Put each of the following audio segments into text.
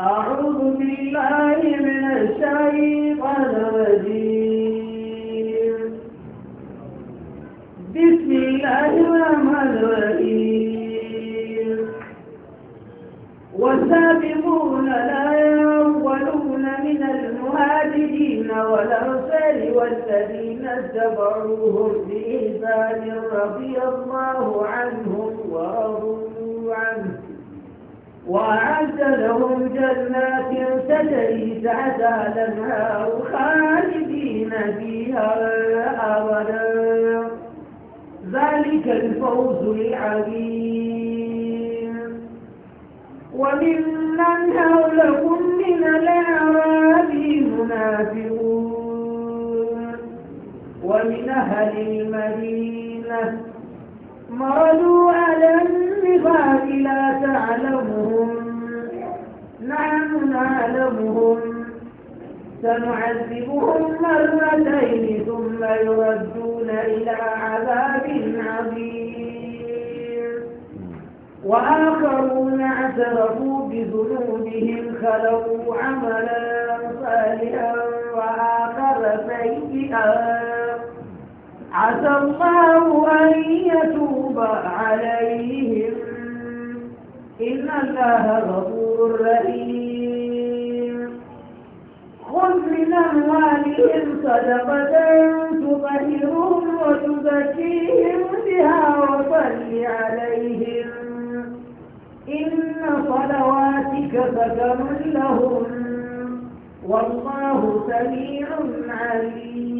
أعوذ بالله من الشيطان الرجيم بسم الله الرحمن الرحيم والسابقون لا يأولون من المهاجرين والأنصار والذين اتبعوهم بإحسان رضي الله عنهم ورضوا عنه وأعد لهم جنات تجري تحت الأنهار خالدين فيها أبدا ذلك الفوز العظيم وممن حولكم من الأعراب منافقون ومن أهل المدينة قالوا على النفاق لا تعلمهم نعم نعلمهم سنعذبهم مرتين ثم يردون إلى عذاب عظيم وآخرون اعترفوا بذنوبهم خلقوا عملا صالحا وآخر سيئا عسى الله أن يتوب عليهم إن الله غفور رحيم خذ من أموالهم صدقة تطهرهم وتزكيهم بها وصل عليهم إن صلواتك سكن لهم والله سميع عليم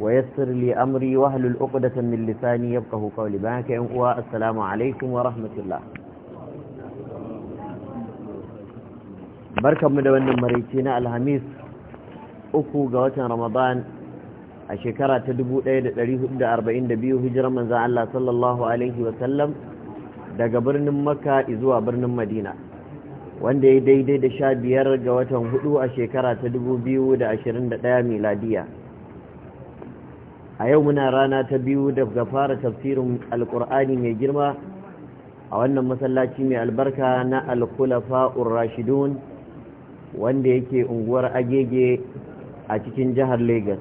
wa yassir li amri wa ahlul uqdatan min lisani yafqahu qawli banka yan uwa assalamu alaikum wa rahmatullah barkamu da wannan maraice na alhamis uku ga watan ramadan a shekara ta 1442 hijiran manzon Allah sallallahu alaihi wa sallam daga birnin makka zuwa birnin madina wanda ya daidai da 15 ga watan hudu a shekara ta 2021 miladiya a yau muna rana ta biyu daga fara tafsirin alkur'ani mai girma a wannan masallaci mai albarka na alkulafa rashidun wanda yake unguwar agege a cikin jihar lagos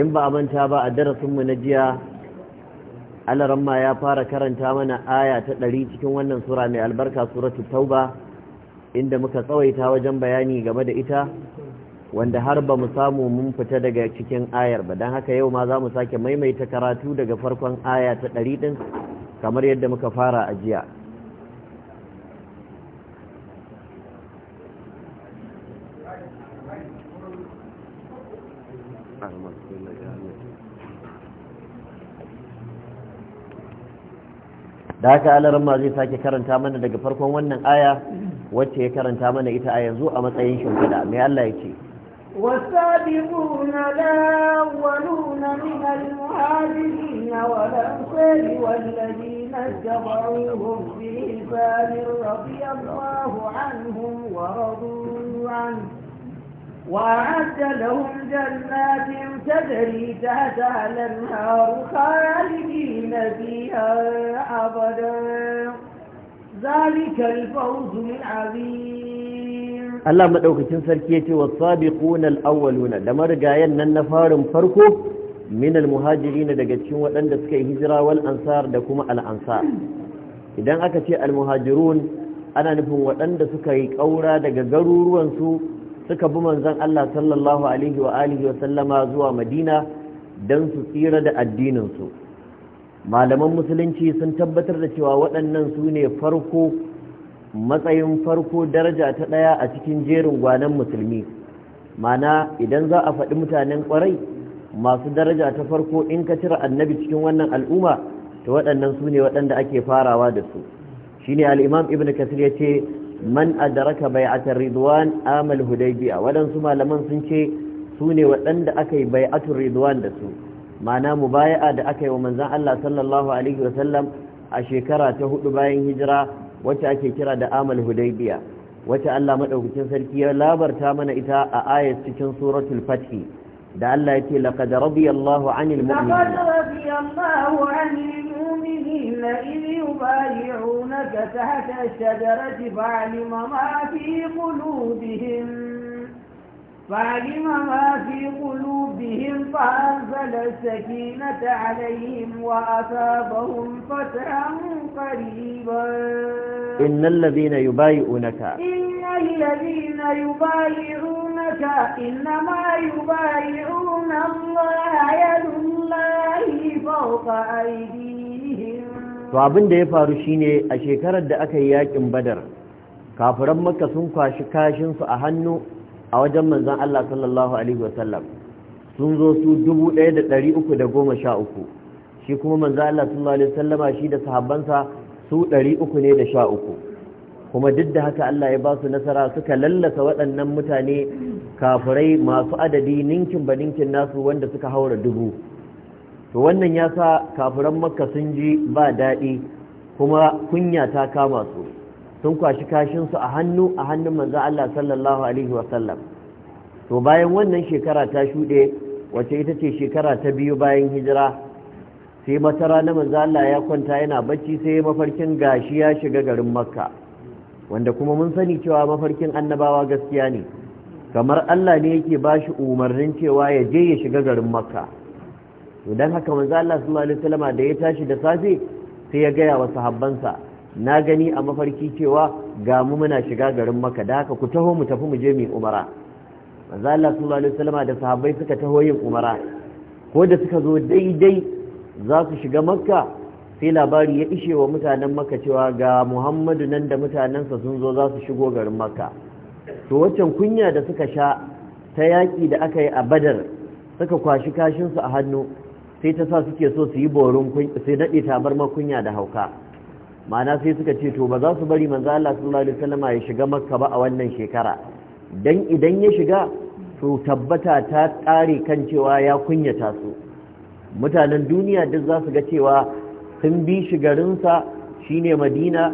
in ba a manta ba a darasinmu na jiya alaramma ya fara karanta mana aya ta ɗari cikin wannan sura mai albarka suratu tauba inda muka tsawaita wajen bayani game da ita wanda har ba mu samu mun fita daga cikin ayar ba don haka yau ma za mu sake maimaita karatu daga farkon aya ta ɗari ɗin kamar yadda muka fara a jiya da haka ma zai sake karanta mana daga farkon wannan aya wacce ya karanta mana ita a yanzu a matsayin shimfiɗa mai Allah ya ce والسابقون الأولون من المهاجرين والأنصار والذين اتبعوهم بإحسان رضي الله عنهم ورضوا عنه وأعد لهم جنات تجري تحتها الأنهار خالدين فيها أبدا ذلك الفوز العظيم Allah maɗaukacin sarki yace was-sabiquna al-awwaluna da marigayen nan na farin farko min al-muhajirin daga cikin waɗanda suka yi hijira wal ansar da kuma al-ansar idan aka ce al-muhajirun ana nufin waɗanda suka yi ƙaura daga garuruwansu suka bi manzon Allah sallallahu alaihi wa alihi wa sallama zuwa Madina dan su tsira da addinin su malaman musulunci sun tabbatar da cewa waɗannan su ne farko matsayin farko daraja ta ɗaya a cikin jerin gwanan musulmi mana idan za a faɗi mutanen ƙwarai masu daraja ta farko in ka cire annabi cikin wannan al'umma ta waɗannan su ne waɗanda ake farawa da su shine al-imam ibnu kasir ce man adraka bai'atar ridwan amal hudaybiya waɗansu malaman sun ce su ne waɗanda aka yi bai'atun ridwan da su mana mubaya'a da aka yi wa manzon Allah sallallahu alaihi wasallam a shekara ta hudu bayan hijira wacce ake kira da amal hudaybiya wacce Allah madaukakin sarki ya labarta mana ita a ayat cikin suratul fath da Allah yake laqad radiyallahu 'anil mu'minin laqad radiyallahu 'anil mu'minin idh yubayyi'unaka tahta ash-shajarati fa'alima ma fi qulubihim فعلم ما في قلوبهم فأنزل السكينة عليهم وأثابهم فتحا قريبا إن الذين يبايعونك إن الذين يبايعونك إنما يبايعون الله يد الله فوق أيديهم فابن ده faru shine a shekarar da aka yi yakin badar kafiran makka sun kwashi kashin su a hannu a wajen manzan Allah sallallahu alaihi wasallam sun zo su 1313 shi kuma manzan Allah sallallahu alaihi wasallama shi da sahabbansa su 300 ne da sha uku. kuma duk da haka Allah ya ba su nasara suka lallasa waɗannan mutane kafurai masu adadi ninkin ba ninkin nasu wanda suka haura dubu to wannan ya sa kafiran makka sun ji ba daɗi kuma kunya ta kama su sun kwashi su a hannu a hannun manzo Allah sallallahu alaihi wasallam to bayan wannan shekara ta shuɗe wace ita ce shekara ta biyu bayan hijira sai mata rana manzo Allah ya kwanta yana bacci sai mafarkin gashi ya shiga garin makka wanda kuma mun sani cewa mafarkin annabawa gaskiya ne kamar Allah ne yake ba shi umarnin cewa ya je ya shiga garin makka to don haka manzo Allah sallallahu alaihi da ya tashi da safe sai ya gaya wa sahabbansa na gani a mafarki cewa ga mu muna shiga garin Makka, da haka ku taho mu tafi mu je mu umara manzo Allah sallallahu alaihi wasallam da sahabbai suka taho yin umara ko da suka zo daidai za su shiga makka sai labari ya ishe wa mutanen makka cewa ga muhammadu nan da mutanensa sun zo za su shigo garin makka to waccan kunya da suka sha ta yaƙi da aka yi a badar suka kwashi kashinsu a hannu sai ta sa suke so su yi borin sai daɗe tabar makunya da hauka ma'ana sai suka ce to ba za su bari manzo Allah sallallahu alaihi wasallam ya shiga makka ba a wannan shekara dan idan ya shiga to tabbata ta kare kan cewa ya kunyata su mutanen duniya duk za su ga cewa sun bi shi garinsa shine madina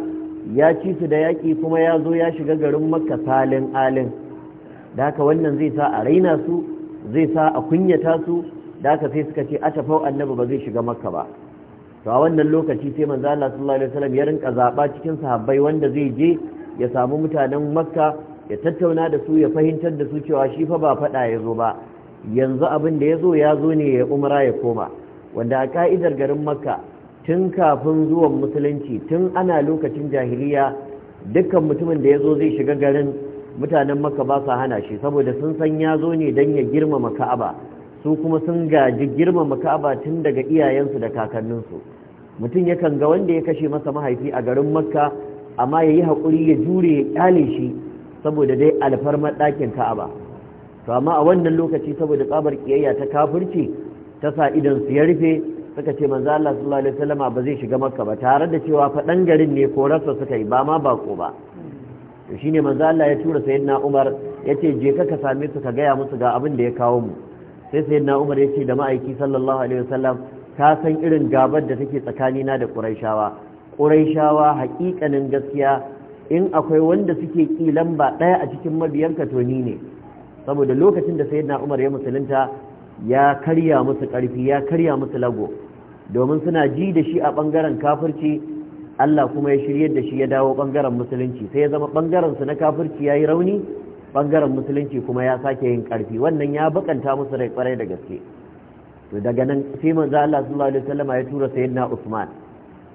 ya ci su da yaƙi kuma ya zo ya shiga garin makka salin alin da haka wannan zai sa a raina su zai sa a kunyata su da haka sai suka ce a tafau annabi ba zai shiga makka ba to a wannan lokaci sai manzo Allah sallallahu alaihi wasallam ya rinka zaba cikin sahabbai wanda zai je ya samu mutanen Makka ya tattauna da su ya fahimtar da su cewa shi fa ba fada ya zo ba yanzu abin da ya zo ya zo ne ya umra ya koma wanda a ka'idar garin Makka tun kafin zuwan musulunci tun ana lokacin jahiliya dukkan mutumin da ya zo zai shiga garin mutanen Makka ba sa hana shi saboda sun san ya zo ne dan ya girmama Ka'aba su kuma sun gaji girmama ka'aba tun daga iyayensu da kakanninsu mutum yakan ga wanda ya kashe masa mahaifi a garin makka amma ya yi haƙuri ya jure ya ƙyale shi saboda dai alfarmar ɗakin ka'aba to amma a wannan lokaci saboda tsabar ƙiyayya ta kafirci ta sa idan su ya rufe suka ce manzo Allah sallallahu alaihi wasallam ba zai shiga makka ba tare da cewa faɗan garin ne ko rasa suka yi ba ma bako ba to shine manzo Allah ya tura sayyidina Umar yace je ka ka same su ka gaya musu ga abin da ya kawo mu sai sayyidina Umar ya ce da ma'aiki sallallahu alaihi wasallam ka san irin gabar da take tsakanina da Qurayshawa Qurayshawa haƙiƙanin gaskiya in akwai wanda suke ƙi lamba ɗaya a cikin mabiyanka to ni ne saboda lokacin da sayyidina Umar ya musulunta ya karya musu ƙarfi ya karya musu lago domin suna ji da shi a ɓangaren kafirci Allah kuma ya shiryar da shi ya dawo ɓangaren musulunci sai ya zama ɓangarensu su na kafirci ya yi rauni bangaren musulunci kuma ya sake yin karfi wannan ya bakanta musu rai kwarai da gaske to daga nan sai manzo Allah sallallahu alaihi wasallam ya tura sayyidina Usman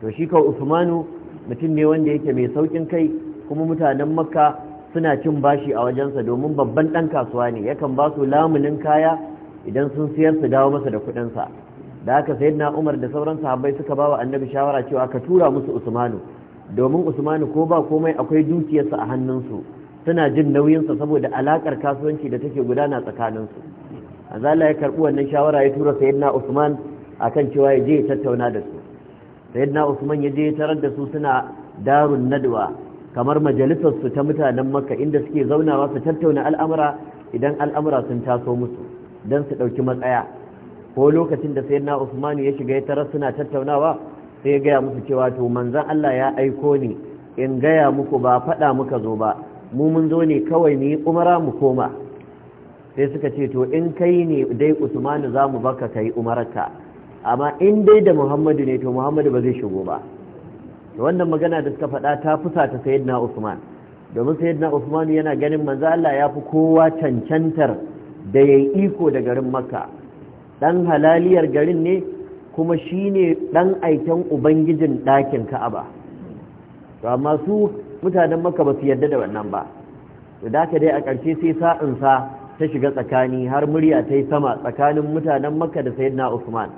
to shi ka Usmanu mutum ne wanda yake mai saukin kai kuma mutanen Makka suna cin bashi a wajensa domin babban dan kasuwa ne yakan ba su lamunin kaya idan sun siyar su dawo masa da kuɗin sa da haka sayyidina Umar da sauran sahabbai suka bawa annabi shawara cewa ka tura musu Usmanu domin Usmanu ko ba komai akwai dukiyarsa a hannunsu su suna jin nauyinsa saboda alakar kasuwanci da take gudana tsakaninsu azala ya karɓi wannan shawara ya tura sayyidina usman akan cewa ya je ya tattauna da su sayyidina usman ya je ya tarar da su suna darun nadwa kamar majalisar su ta mutanen makka inda suke zaunawa su tattauna al'amura idan al'amura sun taso musu don su ɗauki matsaya ko lokacin da sayyidina usman ya shiga ya tarar suna tattaunawa sai ya gaya musu cewa to manzon Allah ya aiko ni in gaya muku ba faɗa muka zo ba mu mun zo ne kawai mu yi umara mu koma sai suka ce to in kai ne dai usmanu za mu baka ka yi umararka amma in dai da muhammadu ne to muhammadu ba zai shigo ba wannan magana da suka faɗa ta fusa ta sayyidina usman domin sayyidina usman yana ganin manzo Allah ya fi kowa cancantar da yayi iko da garin makka dan halaliyar garin ne kuma shine dan aiken ubangijin dakin ka'aba to amma su mutanen maka ba su yadda da wannan ba da ka dai a ƙarshe sai sa'insa ta shiga tsakani har murya ta yi sama tsakanin mutanen maka da sayyidina usman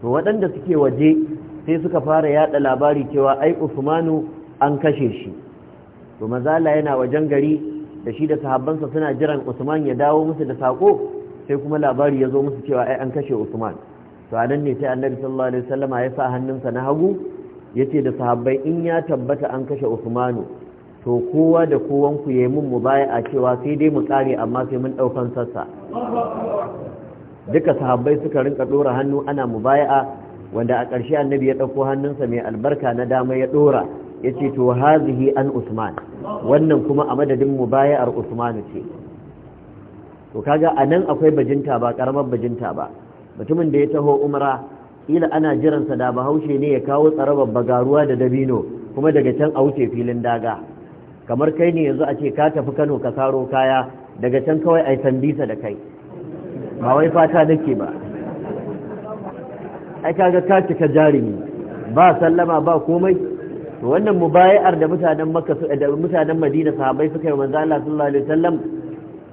to waɗanda suke waje sai suka fara yada labari cewa ai usmanu an kashe shi to mazala yana wajen gari da shi da sahabbansa suna jiran usman ya dawo musu da sako sai kuma labari ya zo musu cewa ai an kashe usman to a ne sai annabi sallallahu alaihi wasallama ya sa hannunsa na hagu yace da sahabbai in ya tabbata an kashe Usmanu to kowa da kowan ku yayi mun mubaya'a cewa sai dai mu kare amma sai mun daukan sassa duka sahabbai suka rinka dora hannu ana mubaya'a wanda a ƙarshe annabi ya dauko hannunsa mai albarka na dama ya dora yace to hazihi an Usman wannan kuma a madadin mubaya'ar Usman ce to kaga anan akwai bajinta ba karamar bajinta ba mutumin da ya taho umra ila ana jiransa da bahaushe ne ya kawo tsarabar bagaruwa da dabino kuma daga can a wuce filin daga kamar kai ne yanzu a ce ka tafi kano ka karo kaya daga can kawai ai sambisa da kai ba wai fata nake ba ai kaga ka cika jarumi ba sallama ba komai to wannan mubayar da mutanen makka da mutanen madina sahabbai suka yi manzo Allah sallallahu alaihi wasallam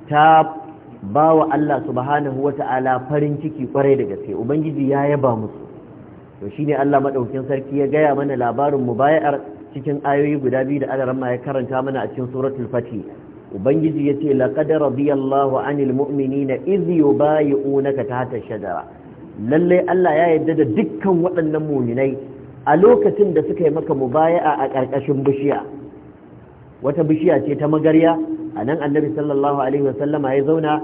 ta Ba wa Allah subhanahu wa ta'ala farin ciki kwarai da gaske ubangiji ya yaba musu to shi ne Allah maɗaukin sarki ya gaya mana labarin mubayar cikin ayoyi guda biyu da Allah ya karanta mana a cikin suratul fati ubangiji ya ce, laqad radiyallahu anil mu'minina idh ta tahta shajara Lallai Allah ya yarda da dukkan waɗannan mu'minai a lokacin da suka yi maka mubaya'a a ƙarƙashin bishiya wata bishiya ce ta magarya a nan annabi sallallahu alaihi wasallama ya zauna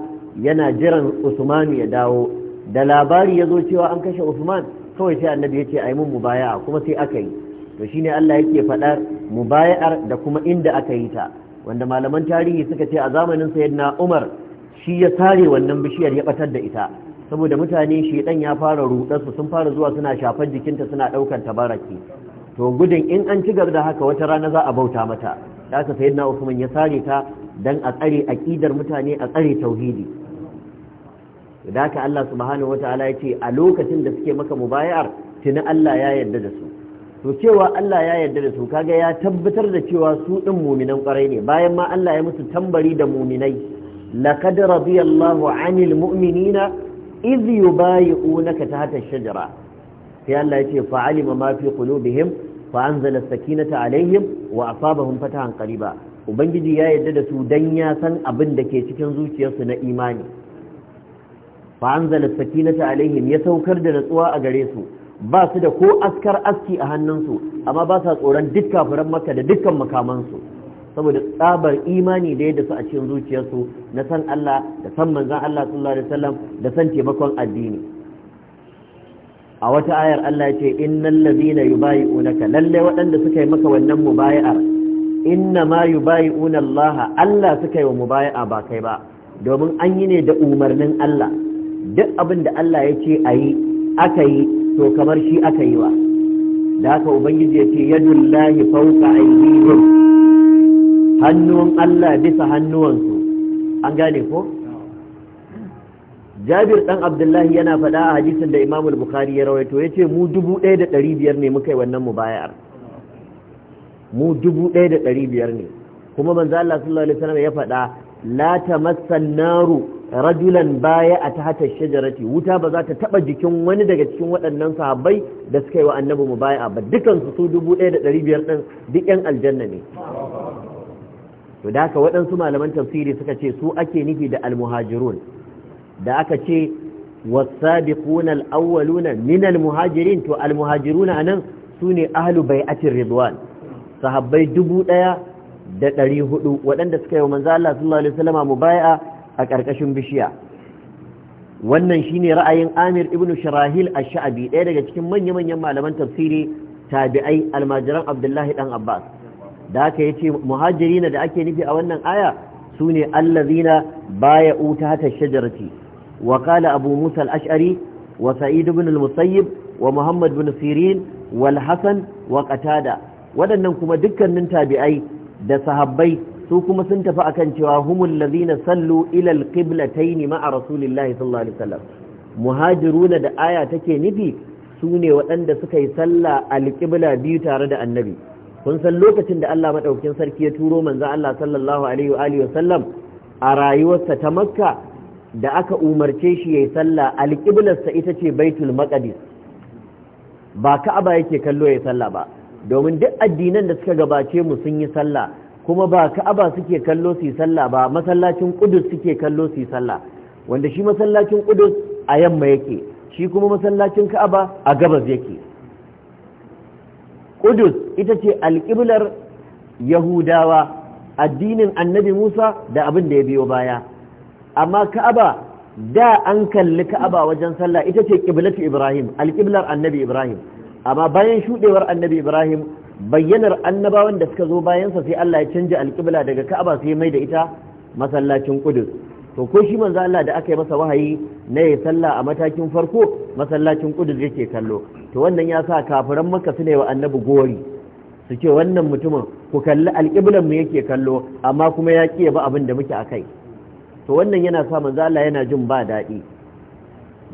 yana jiran usman ya dawo da labari ya zo cewa an kashe usman kawai sai annabi ya ce a yi mun mubaya'a kuma sai aka yi to shine allah yake faɗar mubaya'ar da kuma inda aka yi ta wanda malaman tarihi suka ce a zamanin sayyidina umar shi ya sare wannan bishiyar ya batar da ita saboda mutane ɗan ya fara su sun fara zuwa suna shafar jikinta suna daukar tabaraki to gudun in an ci gaba da haka wata rana za a bauta mata da aka sayyidina usman ya sare ta dan a tsare aqidar mutane a tsare tauhidi da haka Allah subhanahu ya yace a lokacin da suke maka mubayar tuni Allah ya yarda da su to cewa Allah ya yarda da su kaga ya tabbatar da cewa su din muminan kwarai ne bayan ma Allah ya musu tambari da muminai laqad radiyallahu 'anil mu'minina idh yubayi'unaka tahta ash-shajara sai Allah yace fa'alima ma fi qulubihim fa anzala as-sakinata 'alayhim wa asabahum fatahan qariba ubangiji ya yarda da su dan ya san abin da ke cikin zuciyarsu na imani fa anzala sakinata alaihim ya saukar da natsuwa a gare su ba su da ko askar aski a hannunsu amma ba sa tsoron duk kafiran makka da dukkan makamansu saboda tsabar imani da yadda su a cikin zuciyarsu na san Allah da san manzan Allah sallallahu alaihi wasallam da san taimakon addini a wata ayar Allah ya ce innal ladina yubayi'unaka lalle waɗanda suka yi maka wannan mubayi'ar inna ma bayi Allah Allah suka yi wa mubaya'a ba kai ba domin an yi ne da umarnin Allah duk abin da Allah ya ce a yi aka yi to kamar shi aka yi wa da haka ubangiji ya ce yadullahi fawqa aydihim hannun Allah bisa hannuwansu an gane ko jabir dan abdullahi yana faɗa a hadisin da imamul bukhari ya rawaito ya ce mu dubu ɗaya da ɗari biyar ne muka yi wannan mubayar mu dubu ɗaya da ɗari biyar ne kuma manzo Allah sallallahu alaihi wasallam ya faɗa la tamassan naru rajulan baya a tahta shajarati wuta ba za ta taba jikin wani daga cikin waɗannan sahabbai da suka yi wa annabi mu baya ba dukan su su dubu ɗaya da ɗari biyar ɗin duk yan aljanna ne to da haka waɗansu malaman tafsiri suka ce su ake nufi da almuhajirun da aka ce wasabiquna alawwaluna min muhajirin to almuhajiruna nan sune ahlu bai'atir ridwan sahabbai dubu ɗaya da ɗari hudu waɗanda suka yi wa manzan Allah sallallahu alaihi wasallama baya a ƙarƙashin bishiya wannan shine ra'ayin Amir ibn Shirahil a sha'abi. ɗaya daga cikin manya-manyan malaman tafsiri tabi'ai almajiran Abdullahi ɗan Abbas da haka ce muhajirina da ake nufi a wannan aya sune allazina baya'u ta hata shajarati wa kala Abu Musa al-Ash'ari wa Sa'id ibn al-Musayyib wa Muhammad ibn Sirin wal Hasan wa Qatada waɗannan kuma dukkanin tabi'ai da sahabbai su kuma sun tafi akan cewa humul ladina sallu ila alqiblatayn ma'a rasulillahi sallallahu alaihi wasallam muhajiruna da aya take nufi sune waɗanda suka yi sallah alqibla biyu tare da annabi kun san lokacin da Allah madaukakin sarki ya turo manzo Allah sallallahu alaihi wa alihi wasallam a rayuwarsa ta Makka da aka umarce shi yayi sallah alqiblarsa ita ce Baitul Maqdis ba Ka'aba yake kallo yayi sallah ba domin duk addinan da suka gabace mu sun yi sallah kuma ba ka'aba suke kallo su sallah ba masallacin kudus suke kallo su sallah wanda shi masallacin kudus a yamma yake shi kuma masallacin ka'aba a gabas yake kudus ita ce alƙiblar yahudawa addinin annabi musa da abin da ya biyo baya amma ka'aba da an kalli ka'aba wajen sallah ita ce ƙiblatu ibrahim alƙiblar annabi ibrahim amma bayan shuɗewar annabi ibrahim bayyanar annabawan da suka zo bayansa sai Allah ya canja alƙibla daga ka'aba sai mai da ita masallacin ƙudus. to ko shi manzo Allah da aka yi masa wahayi na ya sallah a matakin farko masallacin ƙudus yake kallo to wannan ya sa kafiran makka su ne wa annabi gori su ce wannan mutumin ku kalli alƙiblan mu yake kallo amma kuma ya ƙi ba abin da muke akai to wannan yana sa manzo Allah yana jin ba daɗi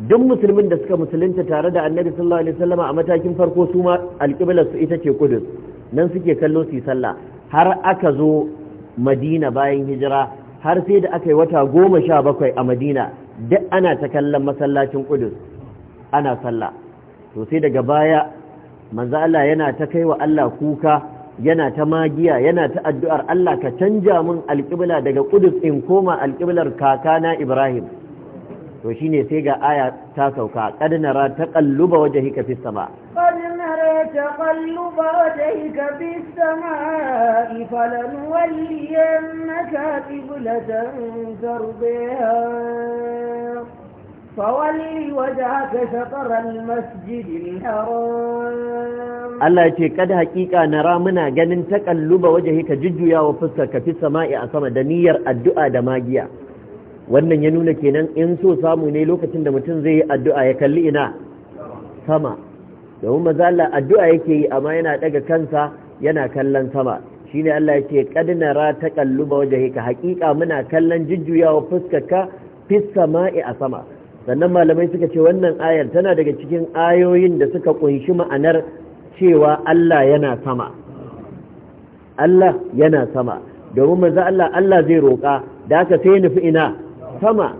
duk musulmin da suka musulunta tare da annabi sallallahu alaihi wasallama a matakin farko su ma alƙiblar su ita ce kudus nan suke kallo su sallah har aka zo madina bayan hijira har sai da aka yi wata goma sha bakwai a madina duk ana ta kallon masallacin kudus ana sallah to sai daga baya manzo Allah yana ta kai wa Allah kuka yana ta magiya yana ta addu'ar Allah ka canja min alƙibla daga kudus in koma alƙiblar kakana Ibrahim to shine sai ga aya ta sauka qad nara waje hika fis sama qad nara taqalluba waje haka shakarar masjidin qiblatan Allah ce وجهك شطر Nara muna ganin ta قد حقيقة نرى منا جنن تقلب وجهك ججيا وفسك في da niyyar addu'a da magiya. wannan ya nuna kenan in so samu ne lokacin da mutum zai yi addu'a ya kalli ina sama domin mazala addu'a yake yi amma yana daga kansa yana kallon sama Shi ne Allah yake kadna ra ta waje wajhika Haƙiƙa muna kallon jujjuyawa fuskarka fissa sama'i a sama sannan malamai suka ce wannan ayar tana daga cikin ayoyin da suka ƙunshi ma'anar cewa Allah yana sama Allah yana sama domin maza Allah Allah zai roƙa da aka sai nufi ina sama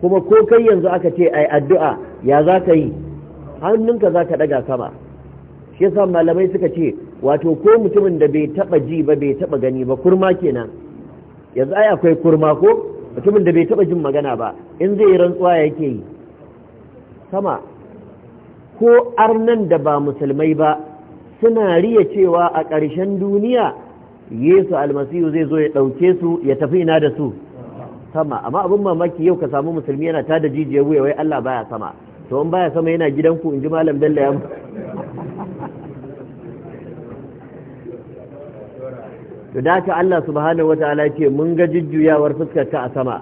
kuma ko kai yanzu aka ce ai addu'a ya za ka yi hannunka za ka daga sama shi yasa malamai suka ce wato ko mutumin da bai taba ji ba bai taba gani ba kurma kenan yanzu ai akwai kurma ko mutumin da bai taba jin magana ba in zai yi rantsuwa yake yi sama ko arnan da ba musulmai ba suna riya cewa a ƙarshen duniya yesu almasihu zai zo ya ɗauke su ya tafi ina da su sama amma abin mamaki yau ka samu musulmi yana tada jijiyar wuya wai Allah baya sama to in baya sama yana gidanku in ji malam Bello ya to da haka Allah subhanahu wataala ce mun ga jujjuyawar fuskar ka a sama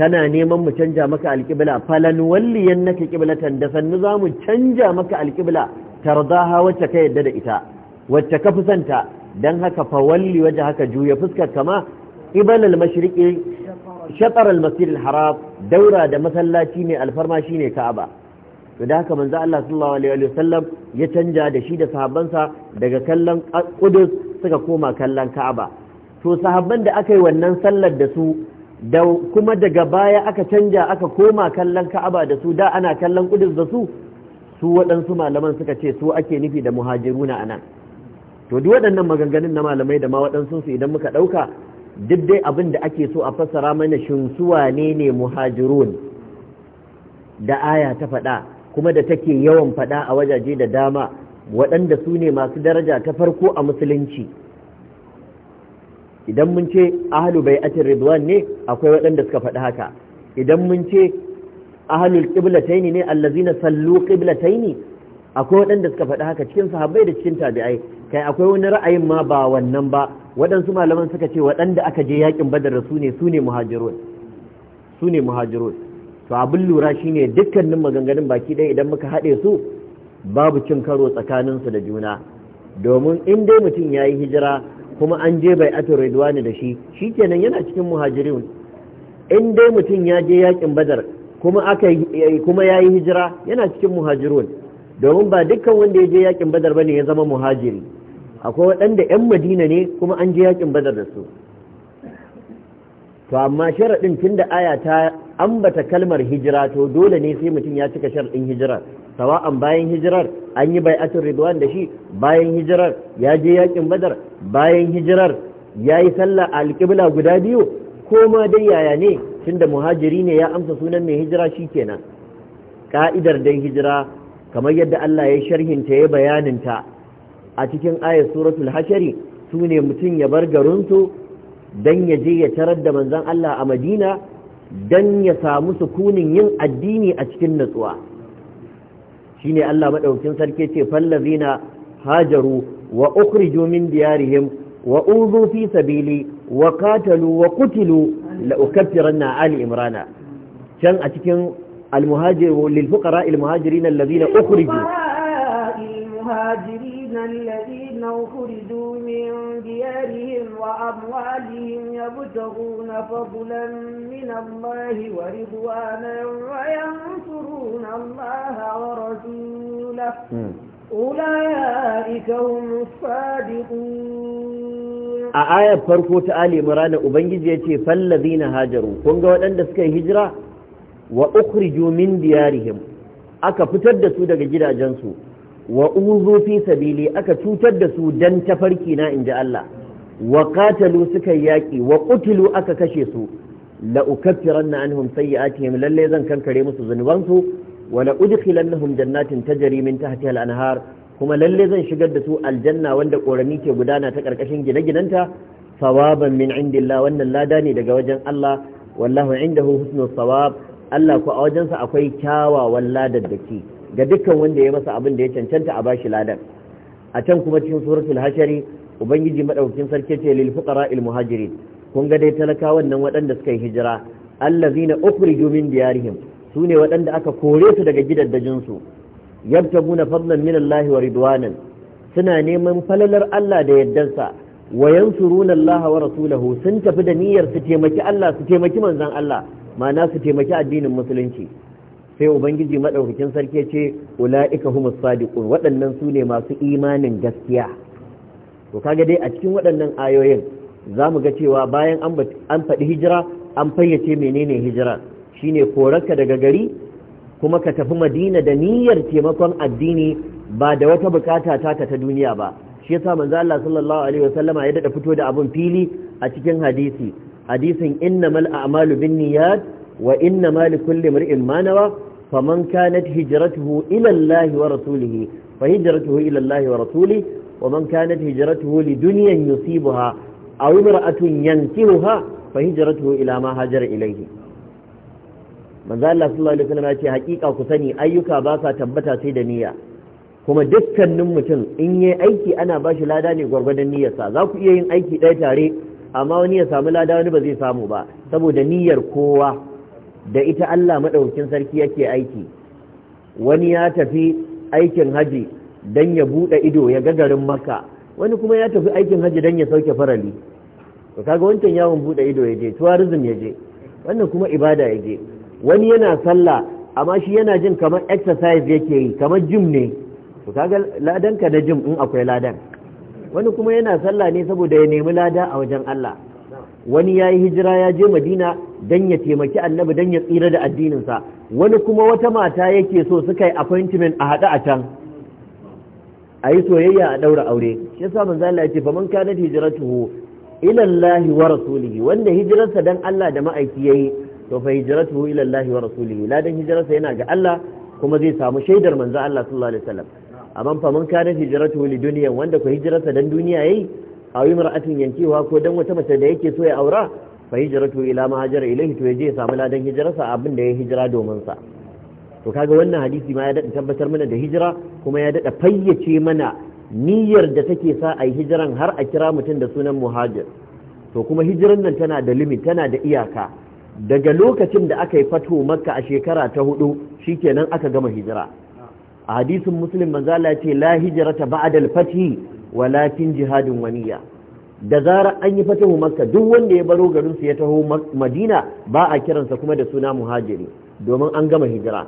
kana neman mu canja maka alƙibla falan walliyan naka qiblatan da sannu za mu canja maka alƙibla tardaha wacce ka yadda da ita wacce ka ta dan haka fa walli waje haka juya fuskar kama ibalal mashriqi shatar al al-haram daura da masallaci ne alfarma ne ka'aba to da haka manzo Allah sallallahu alaihi wa ya canja da shi da sahabbansa daga kallon Qudus suka koma kallon Ka'aba to sahabban da aka yi wannan sallar da su da kuma daga baya aka canja aka koma kallon Ka'aba da su da ana kallon Qudus da su su waɗansu malaman suka ce su ake nufi da muhajiruna anan to duk waɗannan maganganun na malamai da ma waɗansu su idan muka ɗauka duk dai abin da ake so a fassara mana shin su ne ne muhajirun da aya ta faɗa kuma da take yawan faɗa a wajaje da dama waɗanda su ne masu daraja ta farko a musulunci idan mun ce ahalu bai atin ridwan ne akwai waɗanda suka faɗi haka idan mun ce ahalul qiblataini ne allazina sallu qiblataini akwai waɗanda suka faɗi haka cikin sahabbai da cikin tabi'ai kai akwai wani ra'ayin ma ba wannan ba waɗansu malaman suka ce waɗanda aka je yakin badar da su ne su ne muhajirun su ne muhajirun to abin lura shine dukkanin maganganun baki ɗaya idan muka haɗe su babu cin karo su da juna domin in dai mutum ya yi hijira kuma an je bai ato ridwani da shi shi kenan yana cikin muhajirun in dai mutum ya je yakin badar kuma aka kuma ya yi hijira yana cikin muhajirun domin ba dukkan wanda ya je yakin badar bane ya zama muhajiri akwai waɗanda 'yan madina ne kuma an je yakin badar da su to amma sharaɗin tun da aya ta ambata kalmar hijira to dole ne sai mutum ya cika sharaɗin hijirar sawa'an bayan hijirar an yi bai bai'atul ridwan da shi bayan hijirar ya je yakin badar bayan hijirar ya yi sallah a alƙibla guda biyu ko ma dai yaya ne Tun da muhajiri ne ya amsa sunan mai hijira shi kenan ka'idar dan hijira kamar yadda Allah ya sharhinta ya bayaninta a cikin ayat suratul hashari su ne mutum ya bar garinsu don ya je ya tarar da manzon Allah a madina don ya samu sukunin yin addini a cikin natsuwa shine Allah maɗaukin sarki ce fallazina hajaru wa ukhriju min diyarihim wa uzu fi sabili wa katalu wa kutilu la ukaffiranna ali imrana can a cikin المهاجر للفقراء المهاجرين الذين أخرجوا المهاجرين الذين أخرجوا من ديارهم وأموالهم يبتغون فضلا من الله ورضوانا وينصرون الله ورسوله أولئك هم الصادقون a ayar farko ta Ali Imran Ubangiji ya ce fallazina hajaru kun ga waɗanda suka hijira wa ukhriju min diyarihim aka fitar da su daga gidajensu wa uzu fi sabili aka cutar da su dan tafarki na inji Allah wa qatalu suka yaki wa qutilu aka kashe su la ukaffiranna anhum sayyi'atihim lalle zan kankare musu zunubansu wa la udkhilannahum jannatin tajri min tahtiha al-anhar kuma lalle zan shigar da su aljanna wanda korami ke gudana ta karkashin gine-ginanta sawaban min indillah wannan lada ne daga wajen Allah wallahu indahu husnul sawab Allah ku a wajensa akwai kyawawan ladaddaki ga dukkan wanda ya masa abin da ya cancanta a bashi ladar. a can kuma cikin suratul hashari ubangiji madaukakin sarki ce lil fuqara al muhajirin kun ga dai talakawan nan waɗanda suka yi hijira allazina ukhriju min diyarihim sune waɗanda aka kore su daga gidaddajin su yabtaguna fadlan min Allah wa ridwanan suna neman falalar Allah da yaddarsa wa yansuruna Allah wa rasulahu sun tafi da niyyar su taimaki Allah su taimaki manzon Allah ma'ana su taimaki addinin musulunci sai ubangiji maɗaukakin sarki ce ula'ika humus sadiqun waɗannan su ne masu imanin gaskiya to kaga dai a cikin waɗannan ayoyin za mu ga cewa bayan an faɗi hijira an fayyace menene hijira shine koranka daga gari kuma ka tafi madina da niyyar taimakon addini ba da wata bukata taka ta duniya ba shi yasa manzo Allah sallallahu alaihi wasallama ya dada fito da abun fili a cikin hadisi hadisin mal a'malu binniyat wa innamal likulli imrin ma nawa faman kanat hijratuhu ila Allah wa rasulih fa hijratuhu ila Allah wa rasulih wa man kanat hijratuhu lidunyan yusibuha aw imra'atun yankihuha fa hijratuhu ila ma hajara ilayhi manzo Allah sallallahu alaihi wasallam ya ce hakika ku sani ayyuka ba sa tabbata sai da niyya kuma dukkanin mutum in yi aiki ana ba shi lada ne gwargwadon niyyarsa za ku iya yin aiki ɗaya tare amma wani ya samu lada wani ba zai samu ba saboda niyyar kowa da ita Allah madaukakin sarki yake aiki wani ya tafi aikin haji dan ya bude ido ya ga garin Makka wani kuma ya tafi aikin haji dan ya sauke farali to kaga wancan yawon bude ido ya je tourism ya je wannan kuma ibada ya je wani yana sallah amma shi yana jin kamar exercise yake yi kamar gym ne to kaga ladanka na gym in akwai ladan wani kuma yana sallah ne saboda ya nemi lada a wajen Allah wani ya yi hijira ya je madina don ya taimaki annabi don ya tsira da addininsa wani kuma wata mata yake so suka yi appointment a haɗa a can a yi soyayya a ɗaura aure shi yasa manzo Allah ya ce faman kana hijratuhu ila Allah wa rasulihi wanda hijirarsa dan Allah da ma'aiki yayi to fa hijratuhu ila Allah wa rasulihi ladan hijirarsa yana ga Allah kuma zai samu shaidar manzo Allah sallallahu alaihi wasallam amma fa man kana hijratu li dunya wanda ko hijrata dan duniya yayi aw mar'atin yankewa ko dan wata mace da yake so ya aura fa hijratu ila ma hajara ilayhi to yaje ya samu ladan hijrarsa abin da ya hijira domin sa to kaga wannan hadisi ma ya dada tabbatar mana da hijira kuma ya dada fayyace mana niyyar da take sa ai hijiran har a kira mutum da sunan muhajir to kuma hijiran nan tana da limit tana da iyaka daga lokacin da aka yi fato makka a shekara ta hudu shikenan aka gama hijira a hadisin muslim manzala ce la hijrata da al-fathi walakin jihadin waniya da zara an yi fatahu makka duk wanda ya baro garin su ya taho madina ba a kiransa kuma da suna muhajiri domin an gama hijira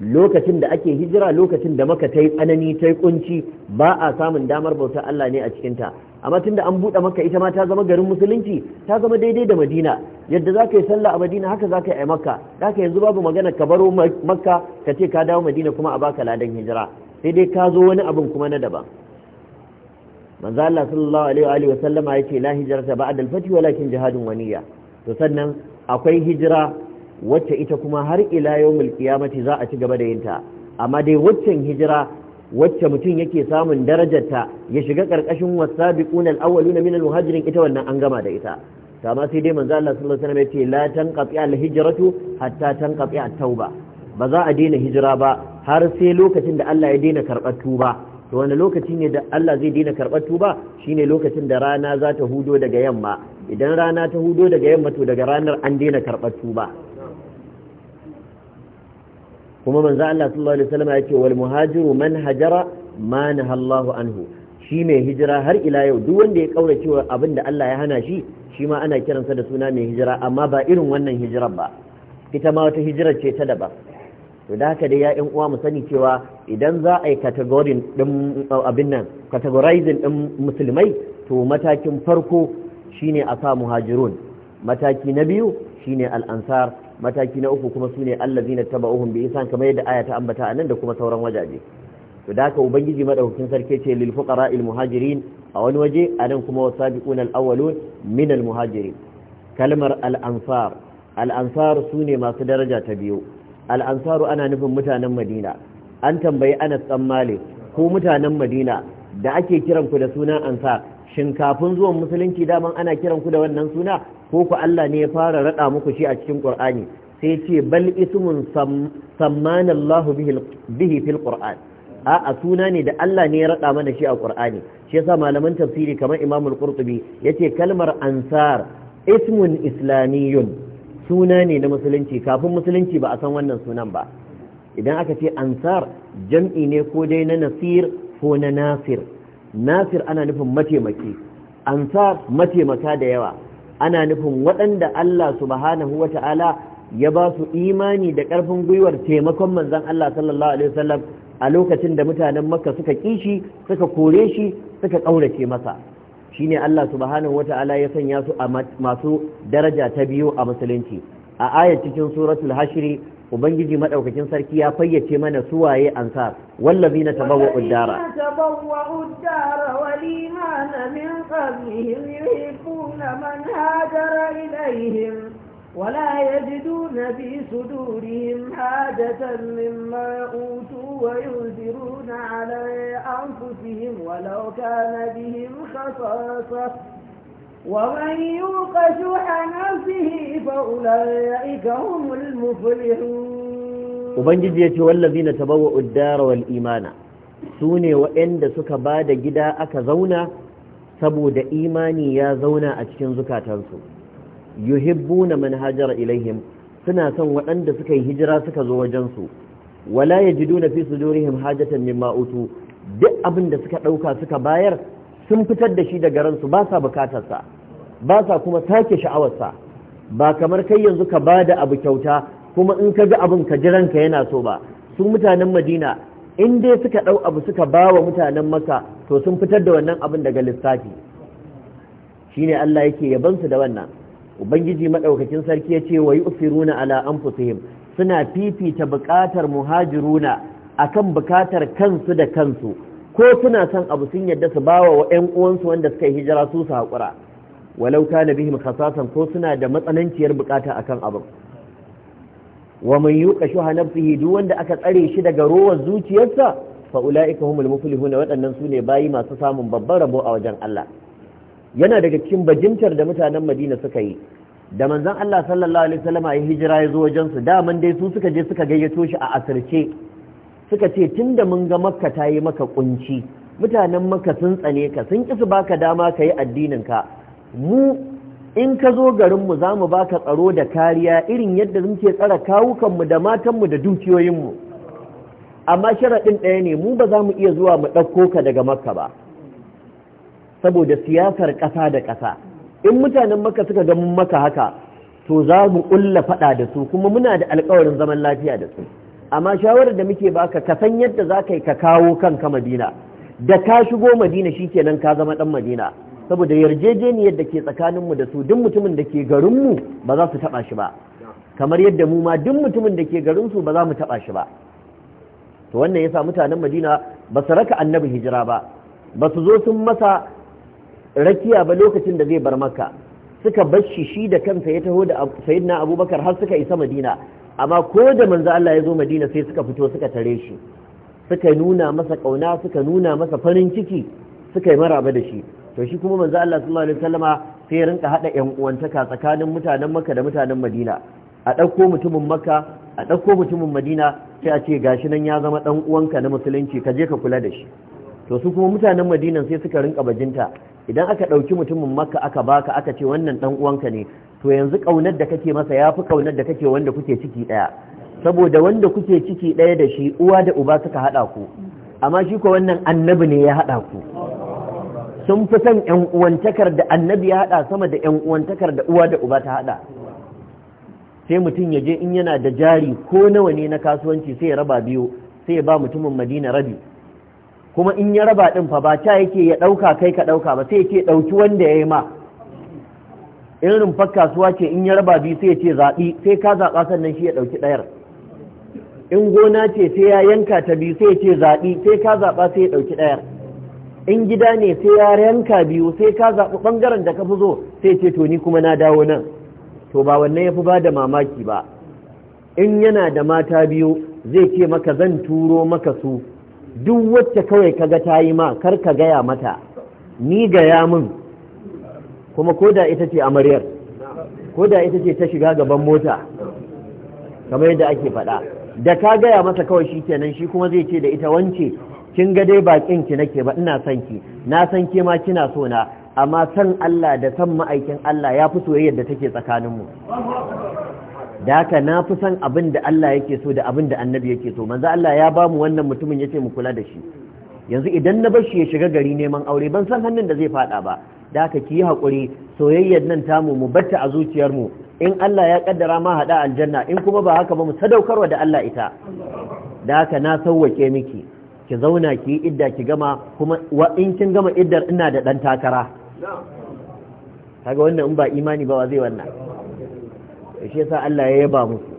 lokacin da ake hijira lokacin da maka ta yi tsanani ta yi kunci ba a samun damar bautar Allah ne a cikinta amma tunda an buɗe maka ita ma ta zama garin musulunci ta zama daidai da madina yadda za ka yi sallah a madina haka za ka yi a makka za ka yanzu babu magana ka baro makka ka ce ka dawo madina kuma a baka ladan hijira sai dai ka zo wani abin kuma na daban manzo Allah sallallahu alaihi wa wasallama yace la hijrata ba'da al-fath walakin jihadun waniya to sannan akwai hijira wacce ita kuma har ila yau qiyamati za a ci gaba da yinta amma dai waccan hijira wacce mutum yake samun darajarta ya shiga karkashin wasabiquna na minal muhajirin ita wannan an gama da ita kama sai dai manzo Allah sallallahu alaihi wasallam ya ce la tanqati al-hijratu hatta tanqati at-tauba ba za a daina hijira ba har sai lokacin da Allah ya daina karɓar tuba to wani lokaci ne da Allah zai daina karɓar tuba shine lokacin da rana za ta hudo daga yamma idan rana ta hudo daga yamma to daga ranar an daina karɓar tuba kuma manzo Allah sallallahu alaihi wasallam yake wal muhajiru man hajara ma Allahu anhu shi mai hijira har ila yau duk wanda ya kaura cewa abin da Allah ya hana shi shi ma ana kiransa da suna mai hijira amma ba irin wannan hijirar ba ita ma wata hijirar ce ta daban to da haka dai ya ƴan uwa mu sani cewa idan za a yi categorizing din abin nan categorizing din musulmai to matakin farko shine a sa muhajirun mataki na biyu shine al-ansar mataki na uku kuma sune allazina taba'uhum bi ihsan kamar yadda aya ta ambata anan da kuma sauran wajaje to da haka ubangiji madaukakin sarki ce lil fuqara'il muhajirin a wani waje anan kuma wasabiquna al-awwalun min al-muhajirin kalmar al-ansar al-ansar sune masu daraja ta biyu al-ansaru ana nufin mutanen madina an tambayi Anas dan Malik ko mutanen madina da ake kiran ku da sunan ansar shin kafin zuwan musulunci daman ana kiran ku da wannan suna ko ku Allah ne ya fara rada muku shi a cikin Qur'ani sai ce bal ismun sammanallahu Allah bihi fil Qur'an a a suna ne da Allah ne ya rada mana shi a Qur'ani shi yasa malaman tafsiri kamar Imam al-Qurtubi yace kalmar ansar ismun islamiyun suna ne na musulunci kafin musulunci ba a san wannan sunan ba idan aka ce ansar jam'i ne ko dai na nasir ko na nasir nasir ana nufin mataimaki ansar mataimaka da yawa ana nufin waɗanda Allah subhanahu ta'ala ya ba su imani da ƙarfin gwiwar taimakon manzon Allah sallallahu alaihi wasallam a lokacin da mutanen makka suka kishi suka kore shi suka ƙaurace masa shine Allah subhanahu ta'ala ya sanya su a masu daraja ta biyu a musulunci a ayat cikin suratul hashiri ubangiji madaukakin sarki ya fayyace mana suwaye ansar wallazina tabawwa'u dara tabawwa'u dara wal ولا يجدون في صدورهم حاجة مما أوتوا ويؤثرون على أنفسهم ولو كان بهم خصاصة ومن يوق شح نفسه فأولئك هم المفلحون Ubangiji ya ce wallazi na tabawa uddara wal imana sune ne suka ba da gida aka zauna saboda imani ya zauna a cikin zukatansu yuhibbu na manhajar ilaihim suna son waɗanda suka yi hijira suka zo wajensu wala ya ji na fi sujurihim hajatan mimma utu duk abin da suka ɗauka suka bayar sun fitar da shi daga ransu ba sa bukatarsa ba sa kuma take sha'awarsa ba kamar kai yanzu ka ba da abu kyauta kuma in ka ga abin ka ji ranka yana so ba su mutanen madina in dai suka ɗau abu suka ba wa mutanen maka to sun fitar da wannan abin daga lissafi shine Allah yake yabansu da wannan ubangiji madaukakin sarki ya ce wa usiruna ala anfusihim suna fifita bukatar muhajiruna akan bukatar kansu da kansu ko suna son abu sun yadda su bawa wa ƴan uwansu wanda suka hijira su su haƙura walau na bihim khasasan ko suna da matsananciyar bukata akan abin wa man yuqa shuha nafsihi duk wanda aka tsare shi daga rowar zuciyarsa fa ulaika humul muflihun waɗannan sune bayi masu samun babbar rabo a wajen Allah yana daga cikin bajintar da mutanen Madina suka yi da manzon Allah sallallahu alaihi ya hijira ya zo wajen su daman dai su suka je suka gayyato shi a asirce suka ce tunda mun ga Makka ta yi maka kunci mutanen Makka sun tsane ka sun ki su baka dama ka yi addinin ka mu in ka zo garinmu za mu ba ka tsaro da kariya irin yadda muke tsara kawukanmu da matanmu da dukiyoyinmu amma sharaɗin ɗaya ne mu ba za mu iya zuwa mu ɗauko ka daga makka ba saboda siyasar ƙasa da ƙasa in mutanen maka suka ga mun maka haka to za mu ƙulla faɗa da su kuma muna da alƙawarin zaman lafiya da su amma shawarar da muke baka ka san yadda za ka yi ka kawo kanka madina da ka shigo madina shi shikenan ka zama ɗan madina saboda yarjejeniyar da ke tsakaninmu da su duk mutumin da ke garinmu ba za su taɓa shi ba kamar yadda mu ma duk mutumin da ke garinsu ba za mu taɓa shi ba to wannan yasa mutanen madina ba su raka annabi hijira ba ba su zo sun masa rakiya ba lokacin da zai bar makka suka bar shi shi da kansa ya taho da sayyidina abubakar har suka isa madina amma ko da manzo Allah ya zo madina sai suka fito suka tare shi suka nuna masa kauna suka nuna masa farin ciki suka yi maraba da shi to shi kuma manzo Allah sallallahu alaihi wasallama sai rinka hada yan uwantaka tsakanin mutanen Makka da mutanen Madina a ɗauko mutumin Makka a ɗauko mutumin Madina sai a ce gashi nan ya zama dan uwanka na musulunci ka je ka kula da shi to su kuma mutanen Madina sai suka rinka bajinta idan aka ɗauki mutumin Makka aka baka aka ce wannan dan uwanka ne to yanzu kaunar da kake masa yafi kaunar da kake wanda kuke ciki daya saboda wanda kuke ciki daya da shi uwa da uba suka hada ku amma shi ko wannan annabi ne ya hada ku sun fi son ‘yan uwantakar da annabi ya haɗa sama da ‘yan uwantakar da uwa da uba ta haɗa sai mutum ya je in yana da jari ko nawa ne na kasuwanci sai ya raba biyu sai ya ba mutumin madina rabi kuma in ya raba ɗin fa ba ta yake ya ɗauka kai ka ɗauka ba sai ke ɗauki wanda ya yi ma in rumfar kasuwa ce in ya raba biyu sai ya ce zaɓi sai ka zaɓa sannan shi ya ɗauki ɗayar in gona ce sai ya yanka ta biyu sai ya ce zaɓi sai ka zaɓa sai ya ɗauki ɗayar in gida ne sai ya yanka biyu sai ka zaɓi ɓangaren da ka fi zo sai ce to ni kuma na dawo nan to ba wannan ya fi ba da mamaki ba in yana da mata biyu zai ce maka zan turo maka su duk wacce kawai ka ga ta yi ma kar ka gaya mata ni gaya min kuma ko da ita ce amaryar ko da ita ce ta shiga gaban mota kamar yadda ake faɗa da ka gaya masa kawai shi kenan shi kuma zai ce da ita wance kin ga dai bakin ki nake ba ina son ki na san ke ma kina so na amma san Allah da san ma'aikin Allah ya fi soyayyar da take tsakanin mu da haka na fi san abin da Allah yake so da abin da annabi yake so manzo Allah ya ba mu wannan mutumin yace mu kula da shi yanzu idan na bar shi ya shiga gari neman aure ban san hannun da zai fada ba da haka ki yi hakuri soyayyar nan tamu mu batta a zuciyar mu in Allah ya kaddara ma hada aljanna in kuma ba haka ba mu sadaukarwa da Allah ita da haka na sauwake miki ki zauna ki yi idda ki gama kuma in kin gama iddar ina da dan takara kaga wannan in ba imani ba zai wannan shi yasa Allah ya yaba musu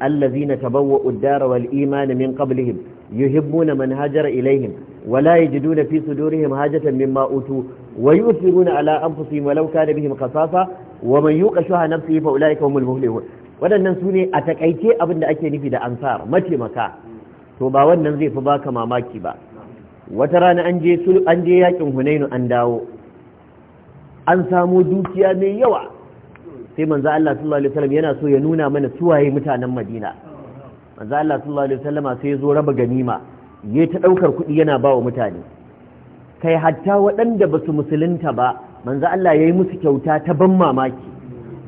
allazina tabawwa'u ad-dara wal imana min qablihim yuhibbuna man hajara ilaihim ولا يجدون في صدورهم حاجة مما أوتوا ويؤثرون على أنفسهم ولو كان بهم خصاصة ومن يوق شح نفسه فأولئك هم المفلحون waɗannan su sune a takaice abin da ake nufi da ansar mataimaka to ba wannan zai fi baka mamaki ba wata rana an je an je yakin hunainu an dawo an samu dukiya mai yawa sai manzo Allah sallallahu alaihi wasallam yana so ya nuna mana suwaye mutanen Madina manzo Allah sallallahu alaihi wasallam sai ya zo raba ganima yayi ta daukar kuɗi yana ba wa mutane kai hatta waɗanda ba su musulunta ba manzo Allah yayi musu kyauta ta ban mamaki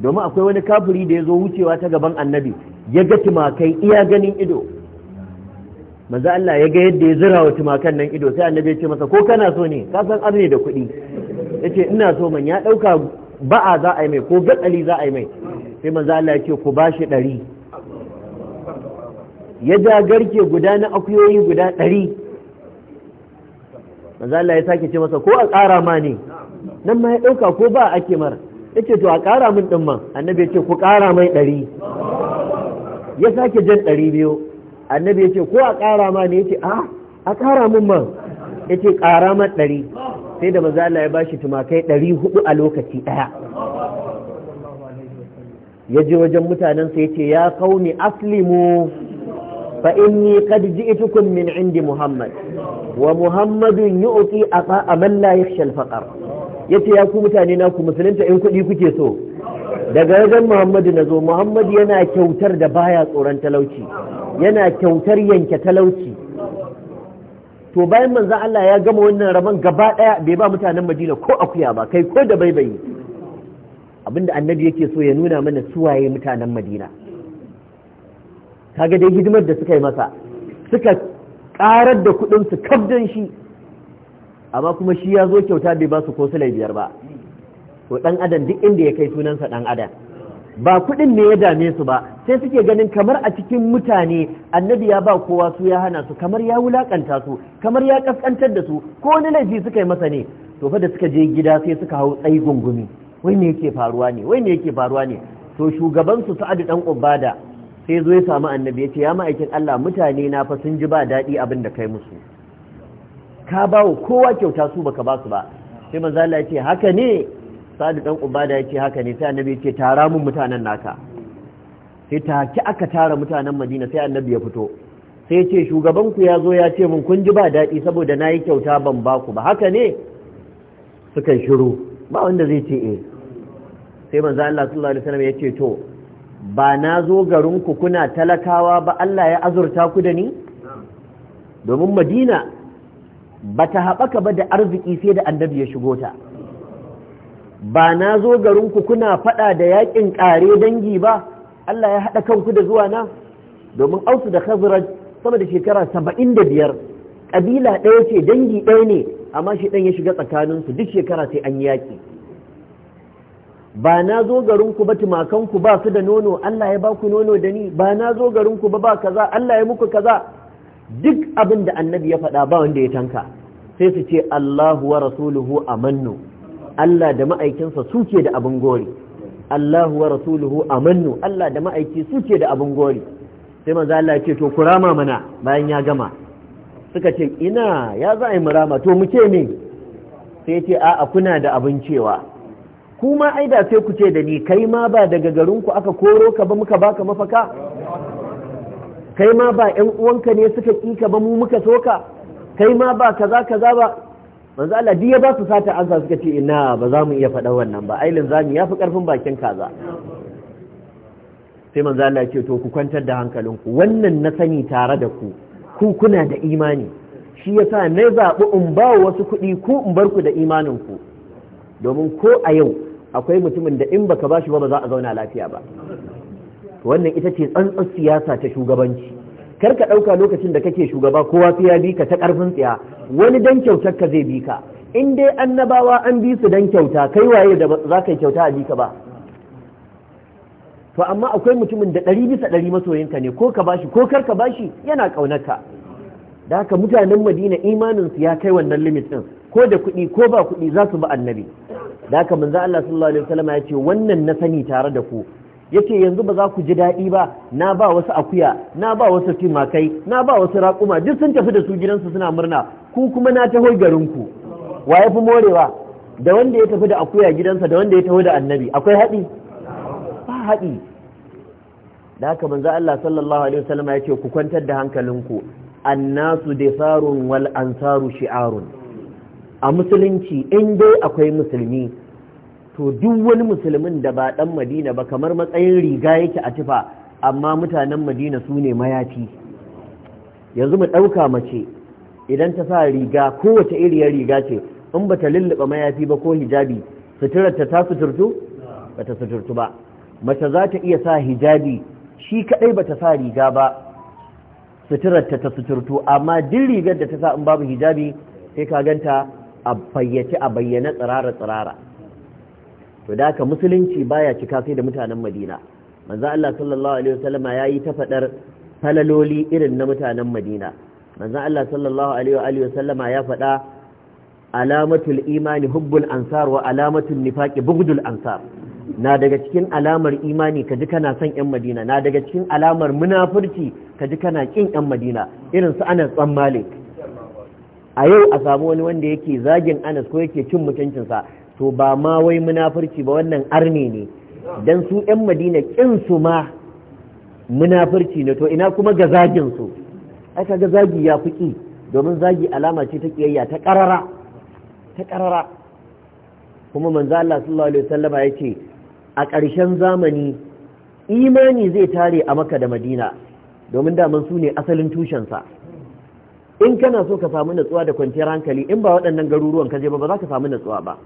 domin akwai wani kafiri da ya zo wucewa ta gaban annabi ya ga tumakai iya ganin ido manzo Allah ya ga yadda ya zira wa tumakan nan ido sai annabi ya ce masa ko kana so ne ka san arne da kuɗi yace ina so man ya dauka ba'a za a yi mai ko gatsali za a yi mai sai manzo Allah ya ce ku bashi ɗari ya ja garke guda na akuyoyi guda ɗari manzo Allah ya sake ce masa ko a ƙara ma ne nan ma ya ɗauka ko ba a ke mara yace to a ƙara min ɗin ma annabi ya ce ku ƙara mai ɗari ya sake jan ɗari biyu annabi yace ko a ƙara ma ne yace a ah, a ƙara mun man ce ƙara ma ɗari sai da maza Allah ya shi tumakai ɗari hudu a lokaci ɗaya ya je wajen mutanensa ya ce ya kauni aslimu fa inni qad ji'tukum min indi muhammad wa muhammadun yu'ti a man la yakhsha al-faqr yace ya ku mutane na ku musulunta in kuɗi kuke so daga wajen muhammadu na zo muhammadu yana kyautar da baya tsoron talauci yana kyautar yanke talauci to bayan manzan Allah ya gama wannan rabon gaba ɗaya bai ba mutanen Madina ko akuya ba kai ko da bai baibayi abinda annabi yake so ya nuna mana suwaye mutanen Madina kaga dai hidimar da suka yi masa suka karar da kudin su kabdan shi amma kuma shi ya zo kyauta bai ba su ko biyar ba to dan adam duk inda ya kai sunansa dan adam ba kuɗin ne ya dame su ba sai suke ganin kamar a cikin mutane annabi ya ba kowa su ya hana su kamar ya wulakanta su kamar ya kaskantar da su ko wani laifi suka yi masa ne to fa da suka je gida sai suka hau tsayi gungumi wai ne yake faruwa ne wai ne yake faruwa ne to shugaban su Sa'ad dan Ubada sai zo ya samu annabi ya ce ya ma'aikin Allah mutane na fa sun ji ba daɗi abin da kai musu ka bawo kowa kyauta su baka ba su ba sai manzo Allah ya ce haka ne sa'ad dan ubada yace haka ne sai annabi yake tara mun mutanen naka sai ki aka tara mutanen madina sai annabi ya fito sai yace shugaban ku yazo ya ce mun kun ji ba dadi saboda nayi kyauta ban ba ku ba haka ne suka shiru ba wanda zai ce eh sai manzo Allah sallallahu alaihi wasallam yace to ba na zo garin ku kuna talakawa ba Allah ya azurta ku da ni domin madina ba ta haɓaka ba da arziki sai da annabi ya shigo ta ba na zo garinku kuna faɗa da yaƙin ƙare dangi ba Allah ya haɗa kanku da zuwa na domin ausu da khazraj sama da shekara saba'in da biyar ƙabila ɗaya ce dangi ɗaya ne amma shi ɗan ya shiga tsakaninsu duk shekara sai an yaƙi ba na zo garinku ba tumakanku ba su da nono Allah ya ba ku nono da ni ba na zo garinku ba ba kaza Allah ya muku kaza duk abin da annabi ya faɗa ba wanda ya tanka sai su ce Allahu wa rasuluhu amannu Allah da ma'aikinsa suke da abin gori Allahu wa rasuluhu amannu Allah da ma'aiki suke da abin gori sai maza Allah ce to kurama mana bayan ya gama suka ce ina ya za a yi murama to muke ne sai ce a'a kuna da abin cewa kuma ai da sai ku ce da ni kai ma ba daga garinku aka koro ka ba muka baka mafaka kai ma ba ƴan uwanka ne suka ƙi ka ba mu muka soka kai ma ba kaza kaza ba manzo Allah duk ya ba su sata ansa suka ce ina ba za mu iya faɗa wannan ba ailin zamu yafi karfin bakin kaza sai manzo Allah ce to ku kwantar da hankalinku wannan na sani tare da ku ku kuna da imani shi yasa na zaɓi in ba wasu kuɗi ku in bar ku da imanin ku domin ko a yau akwai mutumin da in baka bashi ba ba za a zauna lafiya ba wannan ita ce tsantsan siyasa ta shugabanci kar ka ɗauka lokacin da kake shugaba kowa sai ya bi ka ta ƙarfin tsiya wani dan kyautar ka zai bika. in dai annabawa an bi su dan kyauta kai waye da za ka yi kyauta a bika ba to amma akwai mutumin da ɗari bisa ɗari masoyinka ne ko ka bashi ko kar ka bashi yana ƙaunarka da haka mutanen madina imanin su ya kai wannan limit ɗin ko da kuɗi ko ba kuɗi za su bi annabi da haka manzo Allah sallallahu alaihi wasallam ya ce wannan na sani tare da ku yace yanzu ba za ku ji daɗi ba na ba wasu akuya na ba wasu timakai na ba wasu raƙuma duk sun tafi da su gidansu suna murna ku kuma na taho ku wa ya fi morewa da wanda ya tafi da akuya gidansa da wanda ya taho da annabi akwai haɗi ba haɗi da haka manzo Allah sallallahu alaihi wasallam ya ce ku kwantar da hankalinku annasu disarun wal ansaru shi'arun a musulunci in dai akwai musulmi to duk wani musulmin da ba ɗan madina ba kamar matsayin riga yake a tufa amma mutanen madina su ne mayafi yanzu mu ɗauka mace idan ta sa riga kowace iriyar riga ce in ba ta lulluɓa mayafi ba ko hijabi suturarta ta suturtu ba ta suturtu ba mace za ta iya sa hijabi shi kaɗai ba ta sa riga ba suturarta ta suturtu amma duk rigar da ta sa in babu hijabi sai ka ganta a fayyace a bayyana tsirara tsirara to da ka musulunci baya cika sai da mutanen madina manzo Allah sallallahu alaihi wasallama yayi ta fadar falaloli irin na mutanen madina manzo Allah sallallahu alaihi wasallama ya fada alamatul imani hubbul ansar wa alamatul nifaqi bughdul ansar na daga cikin alamar imani kaji kana son yan madina na daga cikin alamar munafurci kaji kana kin yan madina irin su Anas dan Malik a yau a samu wani wanda yake zagin Anas ko yake cin mutuncinsa to ba ma wai munafurci ba wannan arni ne dan su yan madina kin su ma munafurci ne to ina kuma ga zagin su ai ga zagi ya fiki domin zagi alama ce ta kiyayya ta karara ta karara kuma manzo Allah sallallahu alaihi wasallama yace a ƙarshen zamani imani zai tare a maka da madina domin da su ne asalin tushensa in kana so ka samu natsuwa da kwanciyar hankali in ba waɗannan garuruwan ka je ba ba za ka samu natsuwa ba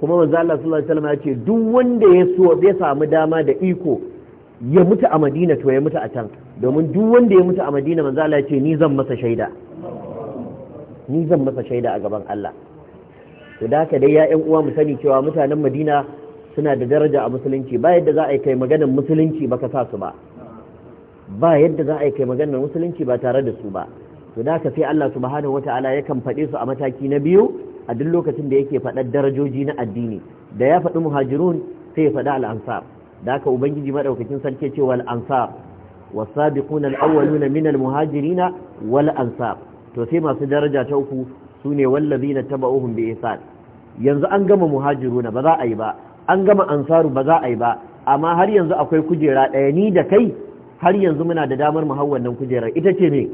kuma manzo Allah sallallahu alaihi wasallam ya ce duk wanda ya so zai samu dama da iko ya mutu a Madina to ya mutu a can domin duk wanda ya mutu a Madina manzo Allah ya ce ni zan masa shaida ni zan masa shaida a gaban Allah to da haka dai ya ƴan uwa mu sani cewa mutanen Madina suna da daraja a musulunci ba yadda za a yi kai maganar musulunci baka sa su ba ba yadda za a yi kai maganar musulunci ba tare da su ba to da haka sai Allah subhanahu wataala yakan faɗe su a mataki na biyu a duk lokacin da yake faɗar darajoji na addini da ya faɗi muhajirun sai ya faɗi al'ansar da aka ubangiji maɗaukakin sarki ce wal ansar wasabiquna al-awwaluna min al-muhajirina wal ansar to sai masu daraja ta uku sune wallazina taba'uhum bi ihsan yanzu an gama muhajiruna ba za a yi ba an gama ansaru ba za a yi ba amma har yanzu akwai kujera ɗaya ni da kai har yanzu muna da damar mu hau wannan kujerar ita ce me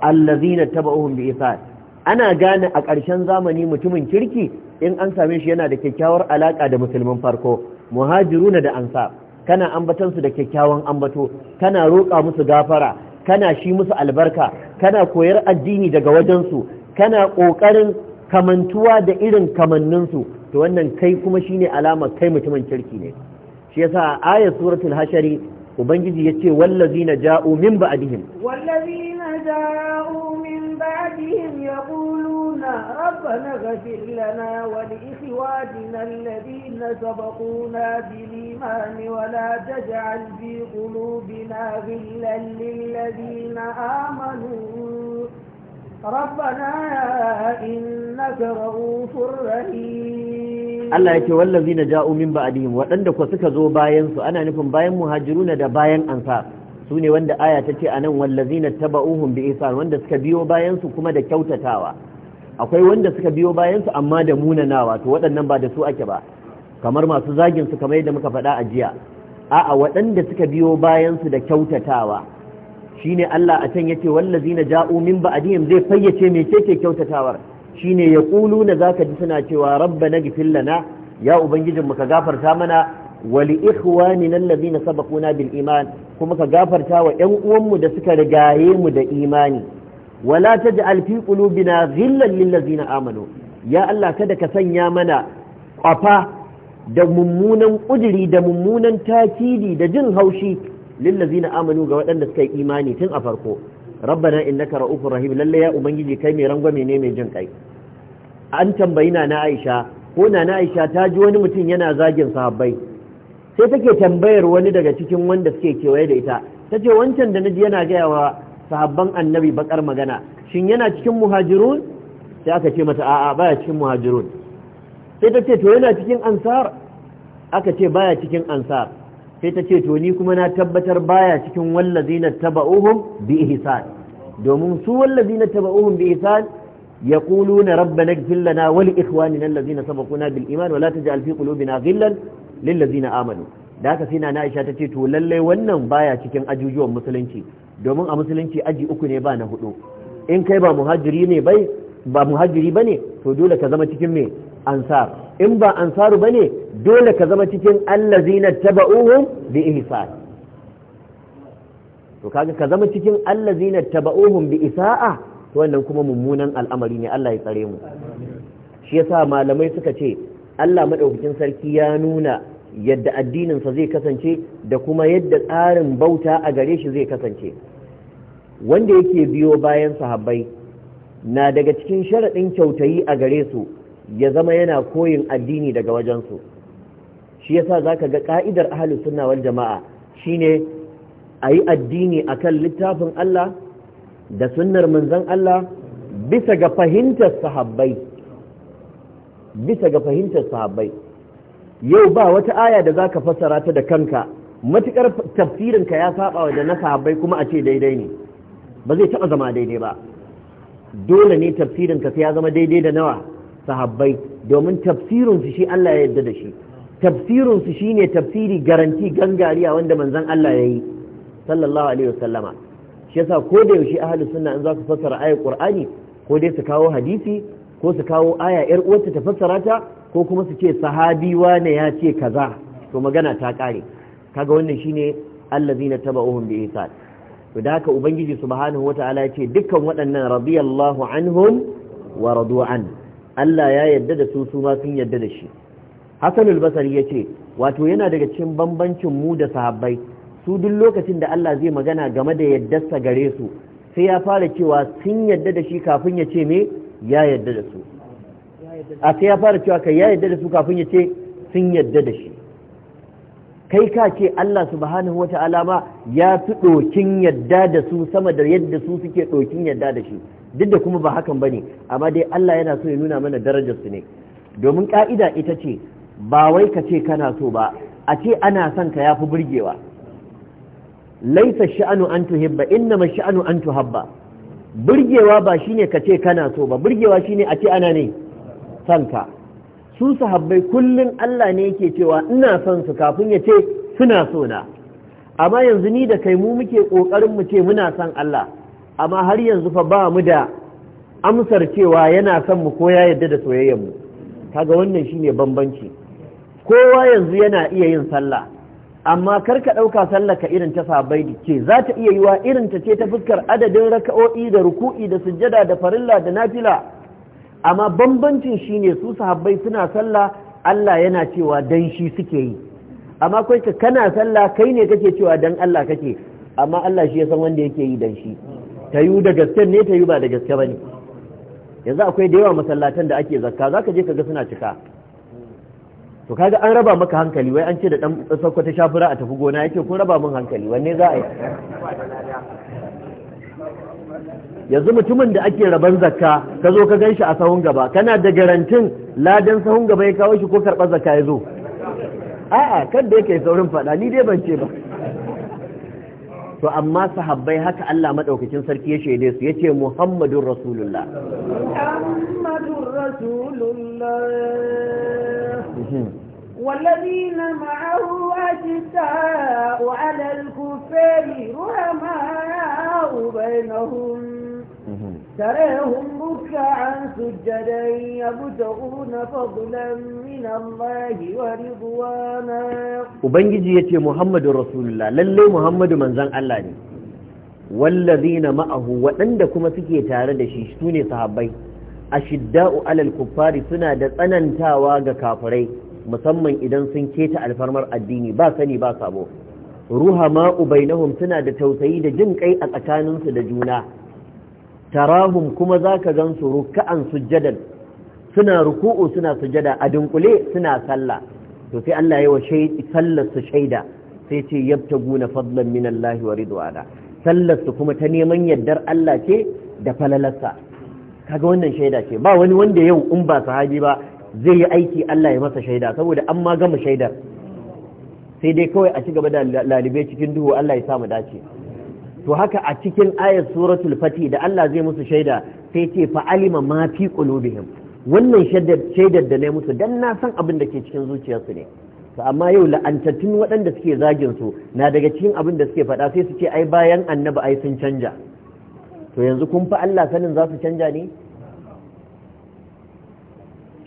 allazina taba'uhum bi ihsan ana gane a ƙarshen zamani mutumin kirki in an same shi yana da kyakkyawar alaƙa da musulmin farko muhajiruna da Ansa, kana su da kyakkyawan ambato kana roƙa musu gafara kana shi musu albarka kana koyar addini daga wajensu kana ƙoƙarin kamantuwa da irin kamanninsu to wannan kai kuma shine alamar kai mutumin kirki ne shi yasa a ayar suratul hashari ubangiji yace wallazina ja'u min ba'dihim wallazina ja'u min بعدهم يقولون ربنا اغفر لنا ولإخواننا الذين سبقونا بالإيمان ولا تجعل في قلوبنا غلا للذين آمنوا ربنا إنك رؤوف رحيم Allah yake wallazi na ja'u min ba'dihim waɗanda ku suka zo bayan su ana nufin bayan muhajiruna da bayan ansar su ne wanda aya ta ce a nan wallazina taba'uhum bi ihsan wanda suka biyo bayansu kuma da kyautatawa akwai wanda suka biyo bayansu amma da munanawa to waɗannan ba da su ake ba kamar masu zagin su kamar yadda muka faɗa a jiya a'a waɗanda suka biyo bayansu da kyautatawa shine Allah a can yake wallazina ja'u min ba'dihim zai fayyace me ce kyautatawar shine yaquluna zaka ji suna cewa rabbana ghfir lana ya ubangijin mu ka gafarta mana wa li ikhwanina allazina sabaquna bil iman kuma ka gafarta wa ‘yan uwanmu da suka rigaye mu da imani wala ta ji alfi ƙulubina zillan lillazina amanu ya Allah kada ka sanya mana ƙwafa da mummunan ƙudiri da mummunan takidi da jin haushi lillazina amanu ga waɗanda suka yi imani tun a farko rabbana innaka ra'ufur rahim lalle ya ubangiji kai mai rangwame ne mai jin kai an tambayi na na Aisha ko na na Aisha ta ji wani mutum yana zagin sahabbai sai take tambayar wani daga cikin wanda suke kewaye da ita ta ce wancan da naji yana gaya wa sahabban annabi bakar magana shin yana cikin muhajirun sai aka ce mata a'a baya cikin muhajirun sai ta ce to yana cikin ansar aka ce baya cikin ansar sai ta ce to ni kuma na tabbatar baya cikin wallazina taba'uhum bi ihsan domin su wallazina taba'uhum bi ihsan يقولون ربنا اغفر لنا ولإخواننا الذين سبقونا بالإيمان ولا تجعل في قلوبنا غلا lillazina amanu da haka sai na Aisha ta ce to lallai wannan baya cikin ajujuwan musulunci domin a musulunci aji uku ne ba na hudu in kai ba muhajiri ne bai ba muhajiri bane to dole ka zama cikin me ansar in ba ansaru bane dole ka zama cikin allazina taba'uhum bi ihsan to kaga ka zama cikin allazina taba'uhum bi isa'a to wannan kuma mummunan al'amari ne Allah ya tsare mu shi yasa malamai suka ce Allah madaukakin sarki ya nuna yadda addininsa zai kasance da kuma yadda tsarin bauta a gare shi zai kasance wanda yake biyo bayan sahabbai na daga cikin sharaɗin kyautayi a gare su ya zama yana koyin addini daga wajensu shi yasa zaka ga ƙa'idar ahalus suna wal jama'a Shi shine ayi addini akan littafin Allah da sunnar manzon Allah bisa ga fahimtar sahabbai bisa ga fahimtar sahabbai yau ba wata aya da zaka fassara ta da kanka matukar tafsirinka ya saba da na sahabai kuma a ce daidai ne ba zai taba zama daidai ba dole ne tafsirinka sai ya zama daidai da nawa sahabbai domin tafsirinsu shi Allah ya yarda da shi tafsirinsu shine tafsiri garanti gangariya wanda manzon Allah ya yi sallallahu alaihi wasallama shi yasa ko da yaushe ahlus sunna in za su fassara ayar qur'ani ko dai su kawo hadisi ko su kawo aya yar uwarta ta fassara ta ko kuma su ce sahabiwa ne ya ce kaza to magana ta kare kaga wannan shine taba uhun bi isa to da haka ubangiji subhanahu wataala ya ce dukkan waɗannan radiyallahu anhum wa radu an Allah ya yadda da su su ma sun yadda da shi Hassan al-Basri yace wato yana daga cikin bambancin mu da sahabbai su duk lokacin da Allah zai magana game da yaddarsa gare su sai ya fara cewa sun yadda da shi kafin ya ce me ya yadda da su a sai ya fara cewa kai ya yadda da su kafin ya ce sun yarda da shi kai ka ce Allah subhanahu wa ta'ala ma ya fi ɗokin yarda da su sama da yadda su suke ɗokin yarda da shi duk da kuma ba hakan ba ne amma dai Allah yana so ya nuna mana darajar su ne domin ƙa'ida ita ce ba wai ka ce kana so ba a ce ana son ka ya fi burgewa laisa sha'anu an tuhibba inna ma sha'anu an tuhabba burgewa ba shine ka ce kana so ba burgewa shine a ce ana ne Sanka, su sahabbai kullun Allah ne yake cewa ina son su kafin ya ce suna so na amma yanzu ni da kai mu muke kokarin mu ce muna son Allah amma har yanzu fa ba mu da amsar cewa yana son mu ko ya yarda da soyayyar mu kaga wannan shine bambanci kowa yanzu yana iya yin sallah amma kar ka ɗauka sallah ka irin ta sabai ce za ta iya yiwa irin ta ce ta fuskar adadin raka'o'i da ruku'i da sujjada da farilla da nafila amma bambancin shi ne su sahabbai suna sallah Allah yana cewa dan shi suke yi amma kai ka kana sallah kai ne kake cewa dan Allah kake amma Allah shi ya san wanda yake yi dan shi tayu da gaske ne tayu ba da gaske bane yanzu akwai da yawa masallatan da ake zakka zaka je ka ga suna cika to kaga an raba maka hankali wai an ce da dan ta shafura a tafi gona yake kun raba min hankali wanne za a yi yanzu mutumin da ake rabon zakka ka zo ka ganshi a sahun gaba kana da garantin ladan sahun gaba ya kawo shi ko karɓar zakka ya zo a'a kan da yake saurin faɗa ni dai ban ce ba to amma sahabbai haka Allah madaukakin sarki ya shaide su yace Muhammadur Rasulullah Muhammadur Rasulullah والذين معه أجزاء على الكفار رحماء بينهم تراهم ركعا سجدا يبتغون فضلا من الله ورضوانا وبنجي يتي محمد رسول الله للي محمد من زن الله ني والذين معه وعند كما سكي تارد شيشتوني صحابي أشداء على الكفار سنة تسنن تاواغ كافري musamman idan sun keta alfarmar addini ba sani ba sabo ruhama ubainahum suna da tausayi da jin kai a tsakaninsu da juna tarahum kuma za zaka su Ruka'an sujjadan suna ruku'u suna sujada a dunkule suna sallah to sai Allah ya wa sallar su shaida sai ce yabtaguna fadlan min Allah wa ridwana sallar su kuma ta neman yardar Allah ce da falalarsa kaga wannan shaida ce ba wani wanda yau in ba sahabi ba zai yi aiki Allah ya masa shaida saboda an ma gama shaidar sai dai kawai a ci gaba da lalibe cikin duhu Allah ya sa mu dace to haka a cikin ayat suratul fati da Allah zai musu shaida sai ce fa alima ma fi qulubihim wannan shaidar da ne musu dan na san abin da ke cikin zuciyarsu ne to amma yau la'antattun waɗanda suke zagin su na daga cikin abin da suke faɗa sai su ce ai bayan annabi ai sun canja to yanzu kun fa Allah sanin za su canja ne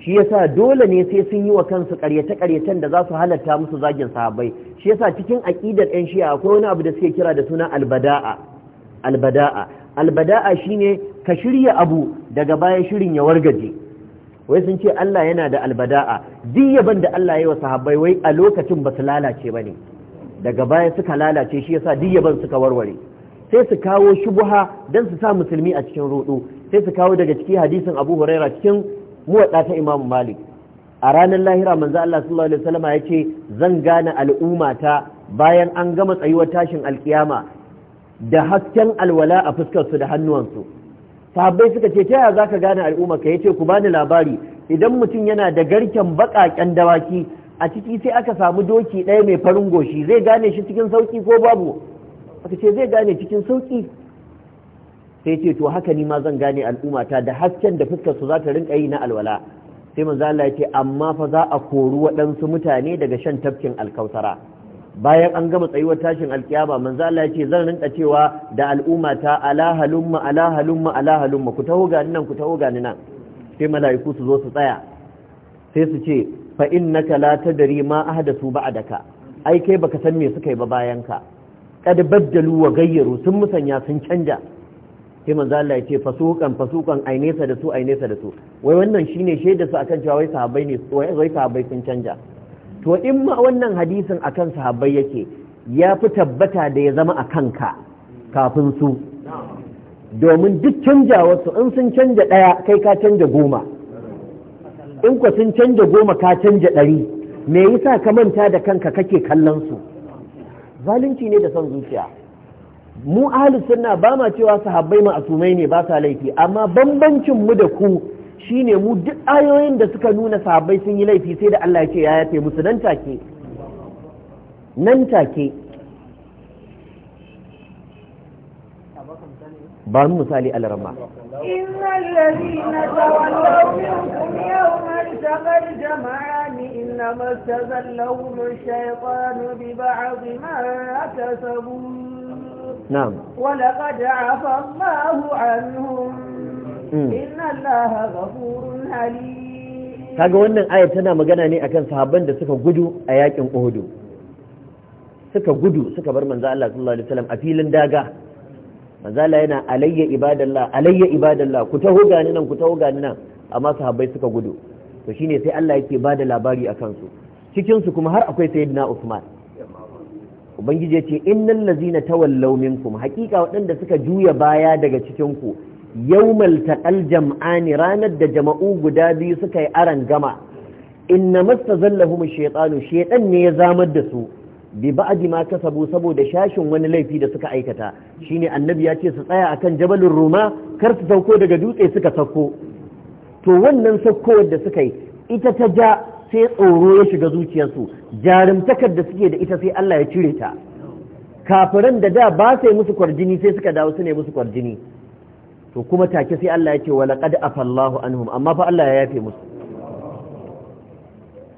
shi yasa dole ne sai sun yi wa kansu ƙaryata-ƙaryatan da za su halatta musu zagin sahabbai shi yasa cikin aƙidar ɗan shi'a akwai wani abu da suke kira da suna albada'a albada'a albada'a shine ka shirya abu daga baya shirin ya wargaje wai sun ce Allah yana da albada'a duk yaban da Allah ya yi wa sahabbai wai a lokacin ba su lalace ba ne daga baya suka lalace shi yasa duk yaban suka warware sai su kawo shubuha don su sa musulmi a cikin rudu sai su kawo daga ciki hadisin abu huraira cikin muwadda ta imamu malik a ranar lahira manzo Allah sallallahu alaihi wasallam ya ce zan gane al'ummata bayan an gama tsayuwar tashin alkiyama da hasken alwala a fuskarsu da hannuwansu sahabbai suka ce taya za zaka gane al'umma ka yace ku bani labari idan mutum yana da garken baƙaƙen dawaki a ciki sai aka samu doki ɗaya mai farin goshi zai gane shi cikin sauki ko babu aka ce zai gane cikin sauki sai ce to haka ni ma zan gane al'ummata da hasken da fuskar su za ta rinka yi na alwala sai manzo ya ce amma fa za a kori waɗansu mutane daga shan tafkin alkausara bayan an gama tsayuwar tashin alkiyama manzo ya ce zan rinka cewa da al'umma ta ala halumma ala halumma ala halumma ku taho gani nan ku taho gani nan sai mala'iku su zo su tsaya sai su ce fa innaka la tadri ma ahdathu ba'daka ai kai baka san me suka yi ba bayan ka kad baddalu wa gayyaru sun musanya sun canja sai manzo Allah ya ce fasukan fasukan ai nesa da su ai nesa da su wai wannan shine shaida su akan cewa wai sahabbai ne wai sahabbai sun canja to in ma wannan hadisin akan sahabbai yake ya fi tabbata da ya zama a kanka kafin su domin duk canjawarsu in sun canja ɗaya kai ka canja goma in ku sun canja goma ka canja ɗari me yasa ka manta da kanka kake kallon su zalunci ne da son zuciya mu ahalus sunna ba ma cewa sahabbai ma'asumai ne ba sa laifi amma bambancin mu da ku shine mu duk ayoyin da suka nuna sahabbai sun yi laifi sai da Allah ya ce ya yafe musu nan take nan take ba mu misali alarma إن الذين تولوا منكم يوم التقى الجمعان إنما الشيطان ببعض ما كسبوا نعم ولقد عفى الله عنهم إن الله غفور حليم kaga wannan ayar tana magana ne akan sahabban da suka gudu a yakin Uhud suka gudu suka bar manzo Allah sallallahu alaihi wasallam a filin daga manzo Allah yana alayya ibadallah alayya ibadallah ku taho gani nan ku taho gani nan amma sahabbai suka gudu to shine sai Allah yake bada labari akan su cikin su kuma har akwai sayyidina Usman ubangiji ya ce innal lazina tawallaw minkum haƙiƙa waɗanda suka juya baya daga cikin ku yawmal taqal jam'ani ranar da jama'u guda biyu suka yi aran gama inna mastazallahum shaytanu shaytan ne ya zamar da su bi ba'di ma kasabu saboda shashin wani laifi da suka aikata shine annabi ya ce su tsaya akan jabalin ruma kar su sauko daga dutse suka sauko to wannan saukowar da suka yi ita ta ja sai tsoro ya shiga zuciyarsu jarumtakar da suke da ita sai Allah ya cire ta kafiran da da ba sai musu kwarjini sai suka dawo su ne musu kwarjini to kuma take sai Allah ya ce wa laqad afallahu anhum amma fa Allah ya yafe musu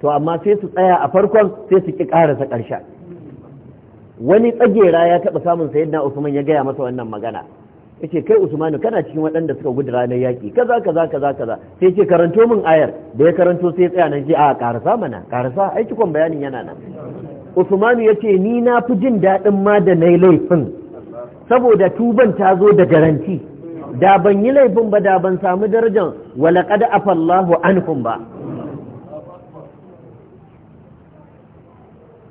to amma sai su tsaya a farkon sai su ki karasa ƙarshen wani tsagera ya taɓa samun sayyidina Usman ya gaya masa wannan magana yace kai usmanu kana cikin waɗanda suka gudu ranar yaƙi kaza kaza kaza kaza sai ce karanto min ayar da ya karanto sai ya tsaya nan ji a karasa mana karasa ai bayanin yana nan usmanu yace ni na fi jin daɗin ma da nayi laifin saboda tuban ta zo da garanti da ban yi laifin ba da ban samu darajar walaqad afallahu anhum ba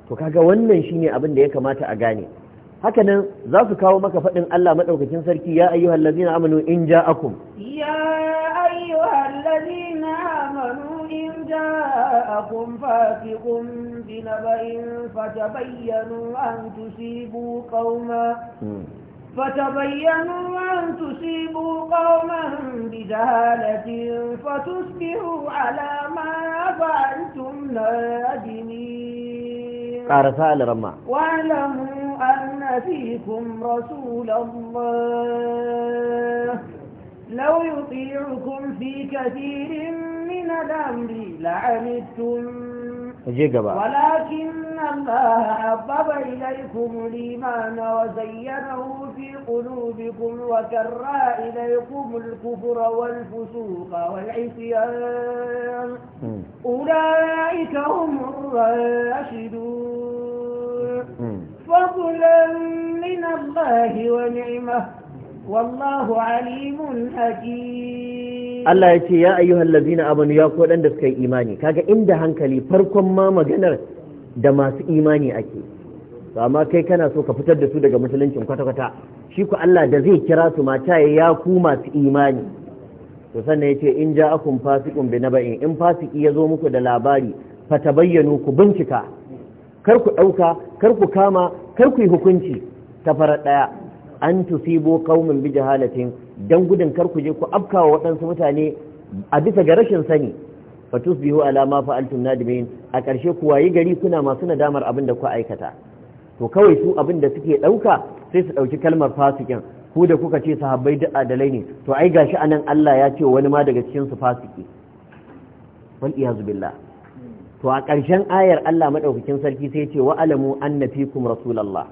to kaga wannan shine abin da ya kamata a gane haka nan za su kawo maka faɗin Allah maɗaukakin sarki ya ayyuhal ladzina amanu in ja'akum ya ayyuhal ladzina amanu in ja'akum fasiqun bi naba'in fatabayyanu an tusibu qauma فتبينوا أن تصيبوا قوما بجهالة فتصبحوا على ما فعلتم نادمين قال رمى واعلموا أن فيكم رسول الله لو يطيعكم في كثير من الأمر لعنتم ولكن الله حبب إليكم الإيمان وزينه في قلوبكم وكرى إليكم الكفر والفسوق والعصيان أولئك هم الراشدون فضلا من الله ونعمة والله عليم حكيم Allah ya ce ya ayyuhal lazina amanu ya ko ɗan da suka yi imani kaga inda hankali farkon ma maganar da masu imani ake to kai kana so ka fitar da su daga musuluncin kwata-kwata shi ku Allah da zai kira su mata ya ku masu imani to sannan ya ce in ja'akum fasiqun bi ba'in, in fasiki ya zo muku da labari fatabayyanu ku bincika kar ku ɗauka kar ku kama kar ku yi hukunci ta farar ɗaya an tusibo kaumin bi jahalatin dan gudun kar ku je ku afkawa waɗansu mutane a bisa ga rashin sani fatus tusbihu ala ma fa'altum nadimin a ƙarshe ku wayi gari kuna masu nadamar abin da ku aikata to kawai su abin da suke ɗauka sai su ɗauki kalmar fasikin ku da kuka ce sahabbai da adalai ne to ai gashi anan Allah ya ce wani ma daga cikin su fasiki wal iyazu billah to a ƙarshen ayar Allah maɗaukakin sarki sai ce wa alamu anna kuma rasulallah.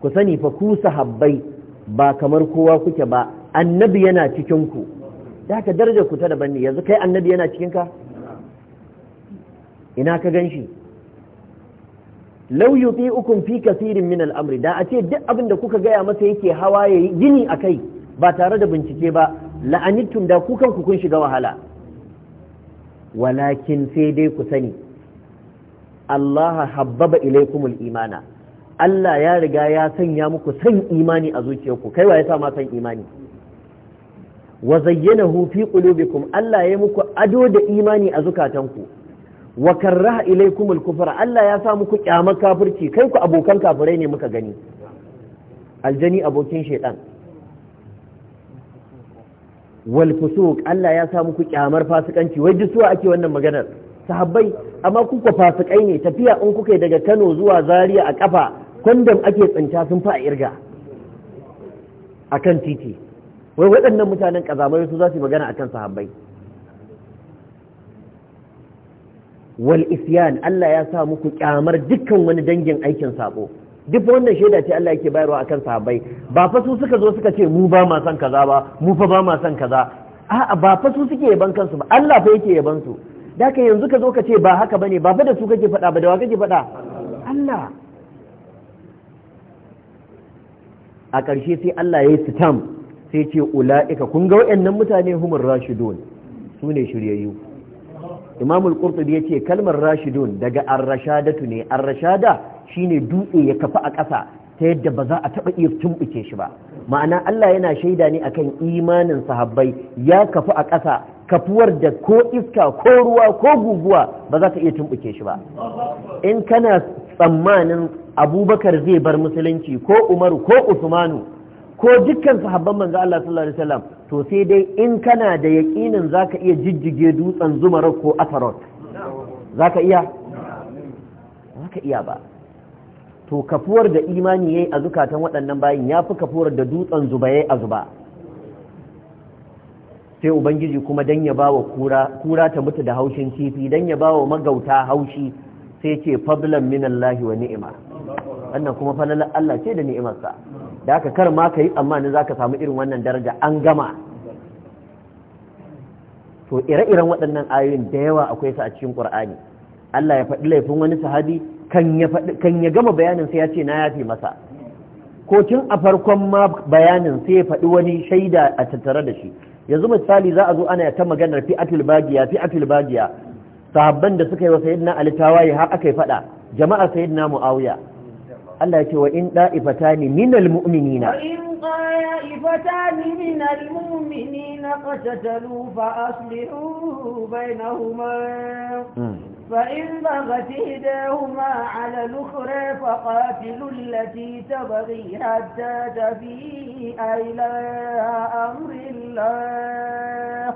ku sani fa ku sahabbai ba kamar kowa kuke ba annabi yana cikin ku da ka darajar ku ta daban ne yanzu kai annabi yana cikin ka ina ka ganshi law yuti'ukum fi kaseerin min al'amri da a ce duk abin da kuka gaya masa yake hawa yayi gini a kai ba tare da bincike ba la'anittum da ku kukun kun shiga wahala walakin sai dai ku sani Allah habbaba ilaikumul imana Allah ya riga ya sanya muku san imani a zuciyarku kai wa yasa ma san imani wa zayyanahu fi qulubikum Allah ya muku ado da imani a zukatanku wa karraha ilaikumul kufra Allah ya sa muku kyamar kafirci kai ku abokan kafirai ne muka gani aljani abokin shaitan wal fusuq Allah ya sa muku kyamar fasikanci wai duk suwa ake wannan maganar sahabbai amma ku ku fasikai ne tafiya in kuka daga Kano zuwa Zaria a kafa kondom ake tsinta sun fa a irga akan titi wai waɗannan mutanen kazamai su za su magana akan sahabbai wal isyan Allah ya sa muku kyamar dukkan wani dangin aikin sabo duk wannan shaida ce Allah yake bayarwa akan sahabbai ba fa su suka zo suka ce mu ba ma san kaza ba mu fa ba ma san kaza a'a ba fa su suke yaban kansu ba Allah fa yake yaban su da ka yanzu ka zo ka ce ba haka bane ba fa da su kake faɗa ba da wa kake faɗa Allah a ƙarshe sai Allah ya yi sitam sai ce ula'ika kun ga waɗannan mutane humar rashidun su ne shiryayyu imamul qurtubi ya ce kalmar rashidun daga ar-rashadatu ne ar-rashada shine dutse ya kafa a ƙasa ta yadda ba za a taɓa iya tumɓuke shi ba ma'ana Allah yana shaida ne akan imanin sahabbai ya kafa a ƙasa kafuwar da ko iska ko ruwa ko guguwa ba za ka iya tumbuke shi ba in kana tsammanin abubakar zai bar musulunci ko umaru ko usmanu ko dukkan sahabban manzo Allah sallallahu alaihi wasallam to sai dai in kana da yaqinin zaka iya jijjige dutsen zumarar ko atarot zaka iya zaka iya ba to kafuwar da imani yayi a zukatan waɗannan bayin yafi kafuwar da dutsen zubaye a zuba sai ubangiji kuma dan ya bawa kura kura ta mutu da haushin kifi dan ya bawa magauta haushi sai ce fadlan minallahi wa ni'ima wannan kuma falalar Allah ce da ni'imarsa da haka kar ma kai amma ne za samu irin wannan daraja an gama to ire-iren waɗannan ayoyin da yawa akwai su a cikin Qur'ani Allah ya faɗi laifin wani sahabi kan ya gama bayanin sai ya ce na yafi masa ko tun a farkon ma bayanin sai ya faɗi wani shaida a tattare da shi yanzu misali za a zo ana ta maganar fi'atul bagiya fi'atul bagiya sahabban da suka yi wa sayyidina ali tawaye har aka yi fada jama'a sayyidina muawiya Allah ya ce wa in da'ifatani minal mu'minina طائفتان من المؤمنين اقتتلوا فأصلحوا بينهما فإن بغت إحداهما على الأخرى فقاتلوا التي تبغي حتى تفيء إلى أمر الله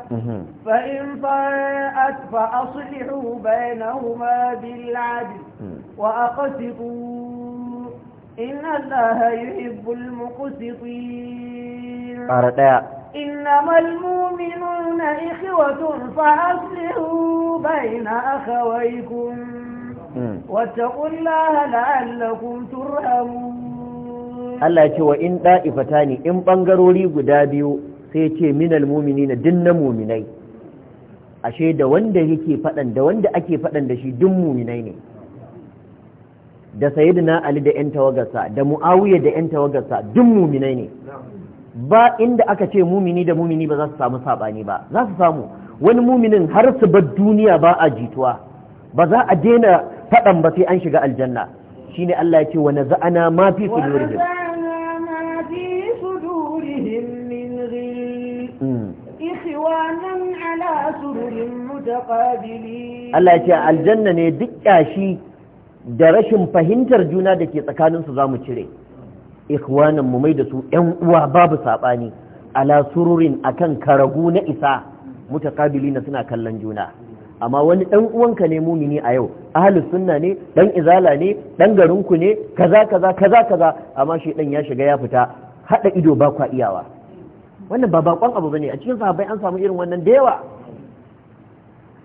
فإن فاءت فأصلحوا بينهما بالعدل وأقسطوا inna allaha yuhibbul muqsitin qara daya innamal mu'minuna ikhwatun fa aslihu bayna akhawaykum wattaqullaha la'allakum turhamun Allah yace wa in da'ifatani in bangarori guda biyu sai yace minal mu'minina dinna mu'minai ashe da wanda yake fadan da wanda ake faɗan da shi dinna mu'minai ne da sayyidina ali da yan tawagarsa da muawiya da yan tawagarsa duk muminai ne ba inda aka ce mumini da mumini ba za su samu sabani ba za su samu wani muminin har su bar duniya ba a jituwa ba za a daina faɗan ba sai an shiga aljanna shine Allah ya ce wa naza'ana ma fi sudurihim mm. Allah ya ce aljanna ne duk ƙyashi da rashin fahimtar juna da ke tsakaninsu za mu cire ikhwanan mu mai da su yan uwa babu saɓani ala sururin akan karagu na isa mutakabilina suna kallon juna amma wani ɗan uwanka ne mumini a yau ahli sunna ne dan izala ne dan garinku ne kaza kaza kaza kaza amma shi dan ya shiga ya fita Haɗa ido ba kwa iyawa wannan ba bakon abu bane a cikin sahabbai an samu irin wannan da yawa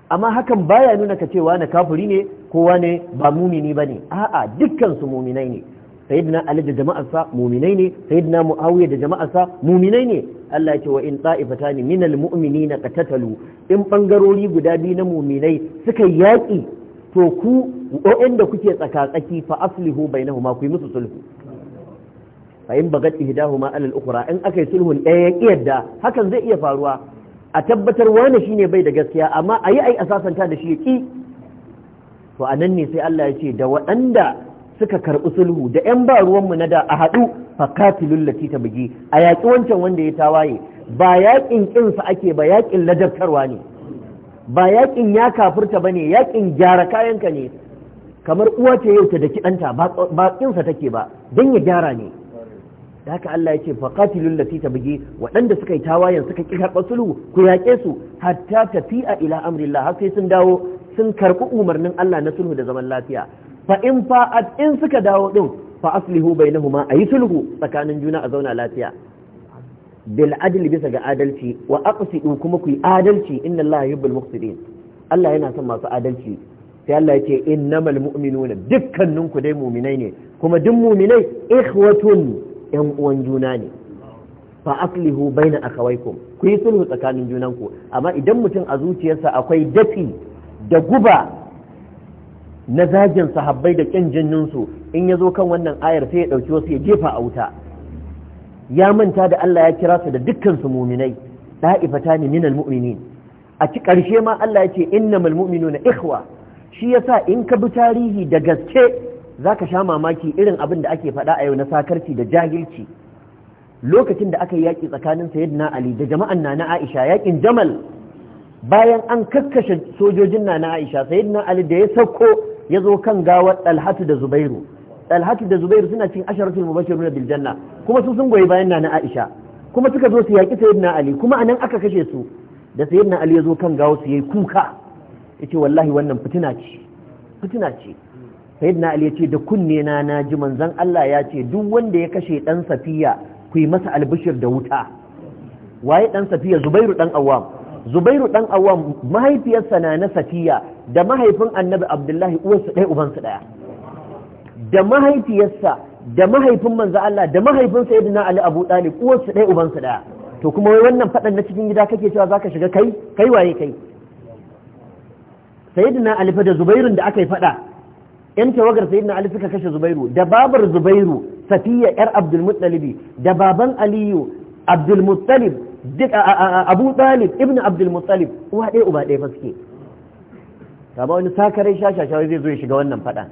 amma hakan baya nuna ka cewa na kafiri ne kowa ne ba mumini ne. a'a dukkan su muminai ne sayyidina ali da jama'arsa muminai ne sayyidina muawiya da jama'arsa muminai ne Allah ya ce wa in ta'ifatani minal mu'minina qatatalu in bangarori guda biyu na muminai suka yaki to ku waɗanda kuke tsakatsaki fa aslihu bainahuma ku yi musu sulhu fa in bagat ihdahuma ala al-ukhra in akai sulhun ɗaya ya yadda hakan zai iya faruwa a tabbatar wani shine bai da gaskiya amma ayi ai asasanta da shi ya ki to a nan ne sai Allah ya ce da waɗanda suka karɓi sulhu da 'yan ba ruwanmu na da a haɗu fakatilul lati ta bugi a yaƙi wancan wanda ya tawaye ba yaƙin ƙinsa ake ba yaƙin ladabtarwa ne ba yaƙin ya kafurta ba yaƙin gyara kayanka ne kamar uwa ce yau ta da kiɗanta ba ƙinsa take ba don ya gyara ne da haka Allah ya ce faqatilul lati tabghi waɗanda suka yi tawayen suka ki karɓar sulhu ku yaƙe su hatta tafi'a ila amrillah har sai sun dawo sun karɓi umarnin Allah na sulhu da zaman lafiya fa in fa in suka dawo din fa aslihu bainahuma ayi sulhu tsakanin juna a zauna lafiya bil adl bisa ga adalci wa aqsidu kuma ku yi adalci inna Allah yuhibbul muqsidin Allah yana son masu adalci sai Allah yake innamal mu'minuna dukkaninku dai mu'minai ne kuma duk mu'minai ikhwatun yan uwan juna ne fa aslihu baina ku yi sulhu tsakanin junanku amma idan mutum a zuciyarsa akwai dafi da guba na zagin sahabbai da ƙin jinninsu in ya zo kan wannan ayar sai ya ɗauki wasu ya jefa a wuta ya manta da Allah ya kira su da dukkan muminai da'ifata ne minal mu'minin a ci ƙarshe ma Allah ya ce innamal na ikhwa shi yasa in ka bi tarihi da gaske zaka sha mamaki irin abin da ake faɗa a yau na sakarci da jahilci lokacin da aka yi yaƙi tsakanin sayyidina Ali da jama'an na na Aisha yaƙin Jamal bayan an kakkashe sojojin na na Aisha sayyidina Ali da ya sauko ya zo kan gawar Talhatu da Zubairu Talhatu da Zubairu suna cin asharatul mubashirun bil janna kuma su sun goyi bayan na na Aisha kuma suka zo su yaki sayyidina Ali kuma anan aka kashe su da sayyidina Ali ya zo kan gawar su yayi kuka yace wallahi wannan fitina ce fitina ce sayyidina Ali yace da kunne na na ji manzon Allah ya ce duk wanda ya kashe dan Safiya ku yi masa albishir da wuta waye dan Safiya Zubairu dan Awwam zubairu dan awam mahaifiyarsa na na safiya da mahaifin annabi abdullahi uwarsu ɗaya ubansu ɗaya da mahaifiyarsa da mahaifin manzo Allah da mahaifin sayyidina ali abu talib uwarsu ɗaya ubansu ɗaya to kuma wai wannan faɗan na cikin gida kake cewa zaka shiga kai kai waye kai sayyidina ali fa da zubairun da aka yi faɗa yan tawagar sayyidina ali suka kashe zubairu da babar zubairu safiya yar abdul muttalibi da baban aliyu abdul muttalib duk abu talib ibn abdul muttalib uwa ɗaya uba ɗaya faske kama wani sakarai shashashawa zai zo ya shiga wannan faɗa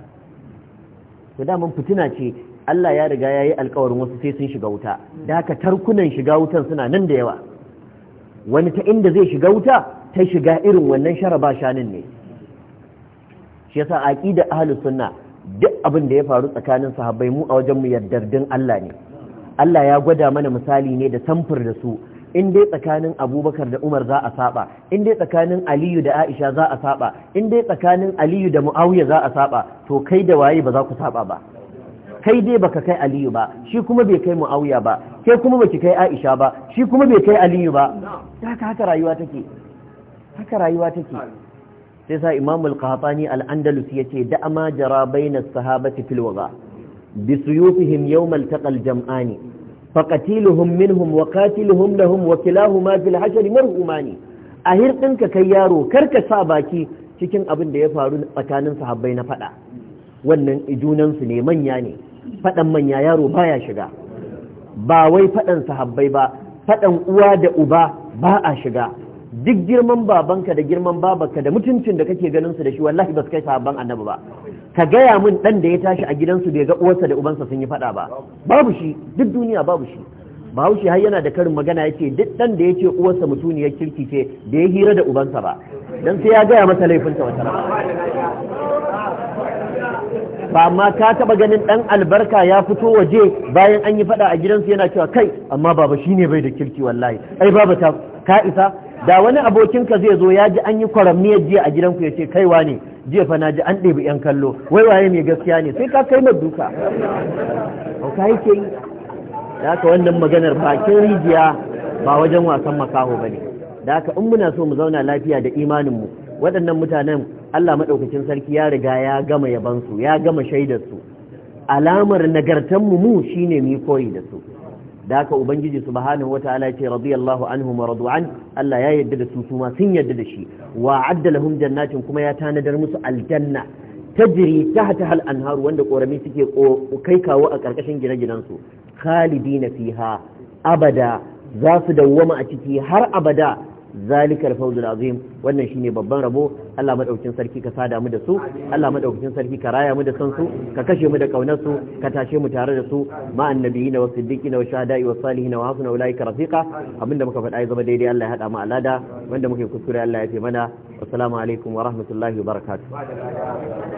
to mun fitina ce Allah ya riga ya yi alkawarin wasu sai sun shiga wuta da haka tarkunan shiga wutan suna nan da yawa wani ta inda zai shiga wuta ta shiga irin wannan sharaba shanin ne shi yasa aqida ahli sunna duk abin da ya faru tsakanin sahabbai mu a wajen mu yaddardin Allah ne Allah ya gwada mana misali ne da samfur da su in dai tsakanin abubakar da umar za a saba in dai tsakanin aliyu da aisha za a saba in dai tsakanin aliyu da mu'awiya za a saba to kai da waye ba za ku saba ba kai dai baka kai aliyu ba shi kuma bai kai mu'awiya ba kai kuma baki kai aisha ba shi kuma bai kai aliyu ba haka haka rayuwa take haka rayuwa take sai sa imam al-qahtani al-andalus yace da ama jara bainas sahabati fil waga bi suyufihim yawm al-taqal jam'ani faqatiluhum minhum wa qatiluhum lahum wa kilahuma fil hashri marhumani a hirɗinka kai yaro ka sa baki cikin abin da ya faru tsakanin sahabbai na faɗa wannan junansu ne manya ne faɗan manya yaro baya shiga ba wai faɗan sahabbai ba faɗan uwa da uba ba a shiga duk girman babanka da girman babanka da mutuncin da kake ganin su da shi wallahi ba su kai sahabban annabi ba ka gaya min ɗan da ya tashi a gidansu bai ga uwarsa da ubansa sun yi faɗa ba babu shi duk duniya babu shi bahaushe har yana da karin magana ya ce duk ɗan da ya ce uwarsa mutuniyar kirki ce da ya hira da ubansa ba don sai ya gaya masa laifinsa wata ba amma ka taba ganin ɗan albarka ya fito waje bayan an yi faɗa a gidansu yana cewa kai amma baba shine bai da kirki wallahi ai baba ta ka isa da wani abokinka zai zo ya ji an yi kwaramniyar jiya a gidanku ya ce kaiwa ne jiya fa na ji an ɗebi yan kallo wai waye mai gaskiya ne sai ka kai mai duka ba ka ke yi da haka wannan maganar bakin rijiya ba wajen wasan makaho ba ne da haka in muna so mu zauna lafiya da imaninmu waɗannan mutanen Allah maɗaukacin sarki ya riga ya gama yabansu ya gama shaidarsu alamar nagartanmu mu shine mu koyi da su da haka ubangiji subhanahu wataala ce radiyallahu anhu wa radu'an Allah ya yarda da su su ma sun yarda da shi wa adda lahum jannatin kuma ya tanadar musu aljanna tajri tahtaha hal anhar wanda korami suke kai kawo a karkashin gine-ginen su khalidina fiha abada za su dawwama a ciki har abada zalikal fawzul azim wannan shine babban rabo Allah madaukakin sarki ka sada mu da su Allah madaukakin sarki ka raya mu da san su ka kashe mu da kaunar su ka tashe mu tare da su ma annabiyina wa siddiqina wa shahada'i wa salihina wa hasuna ka rafiqa abinda muka faɗa ya zama daidai Allah ya hada mu alada wanda muke kuskure Allah ya ce mana assalamu alaikum wa rahmatullahi wa barakatuh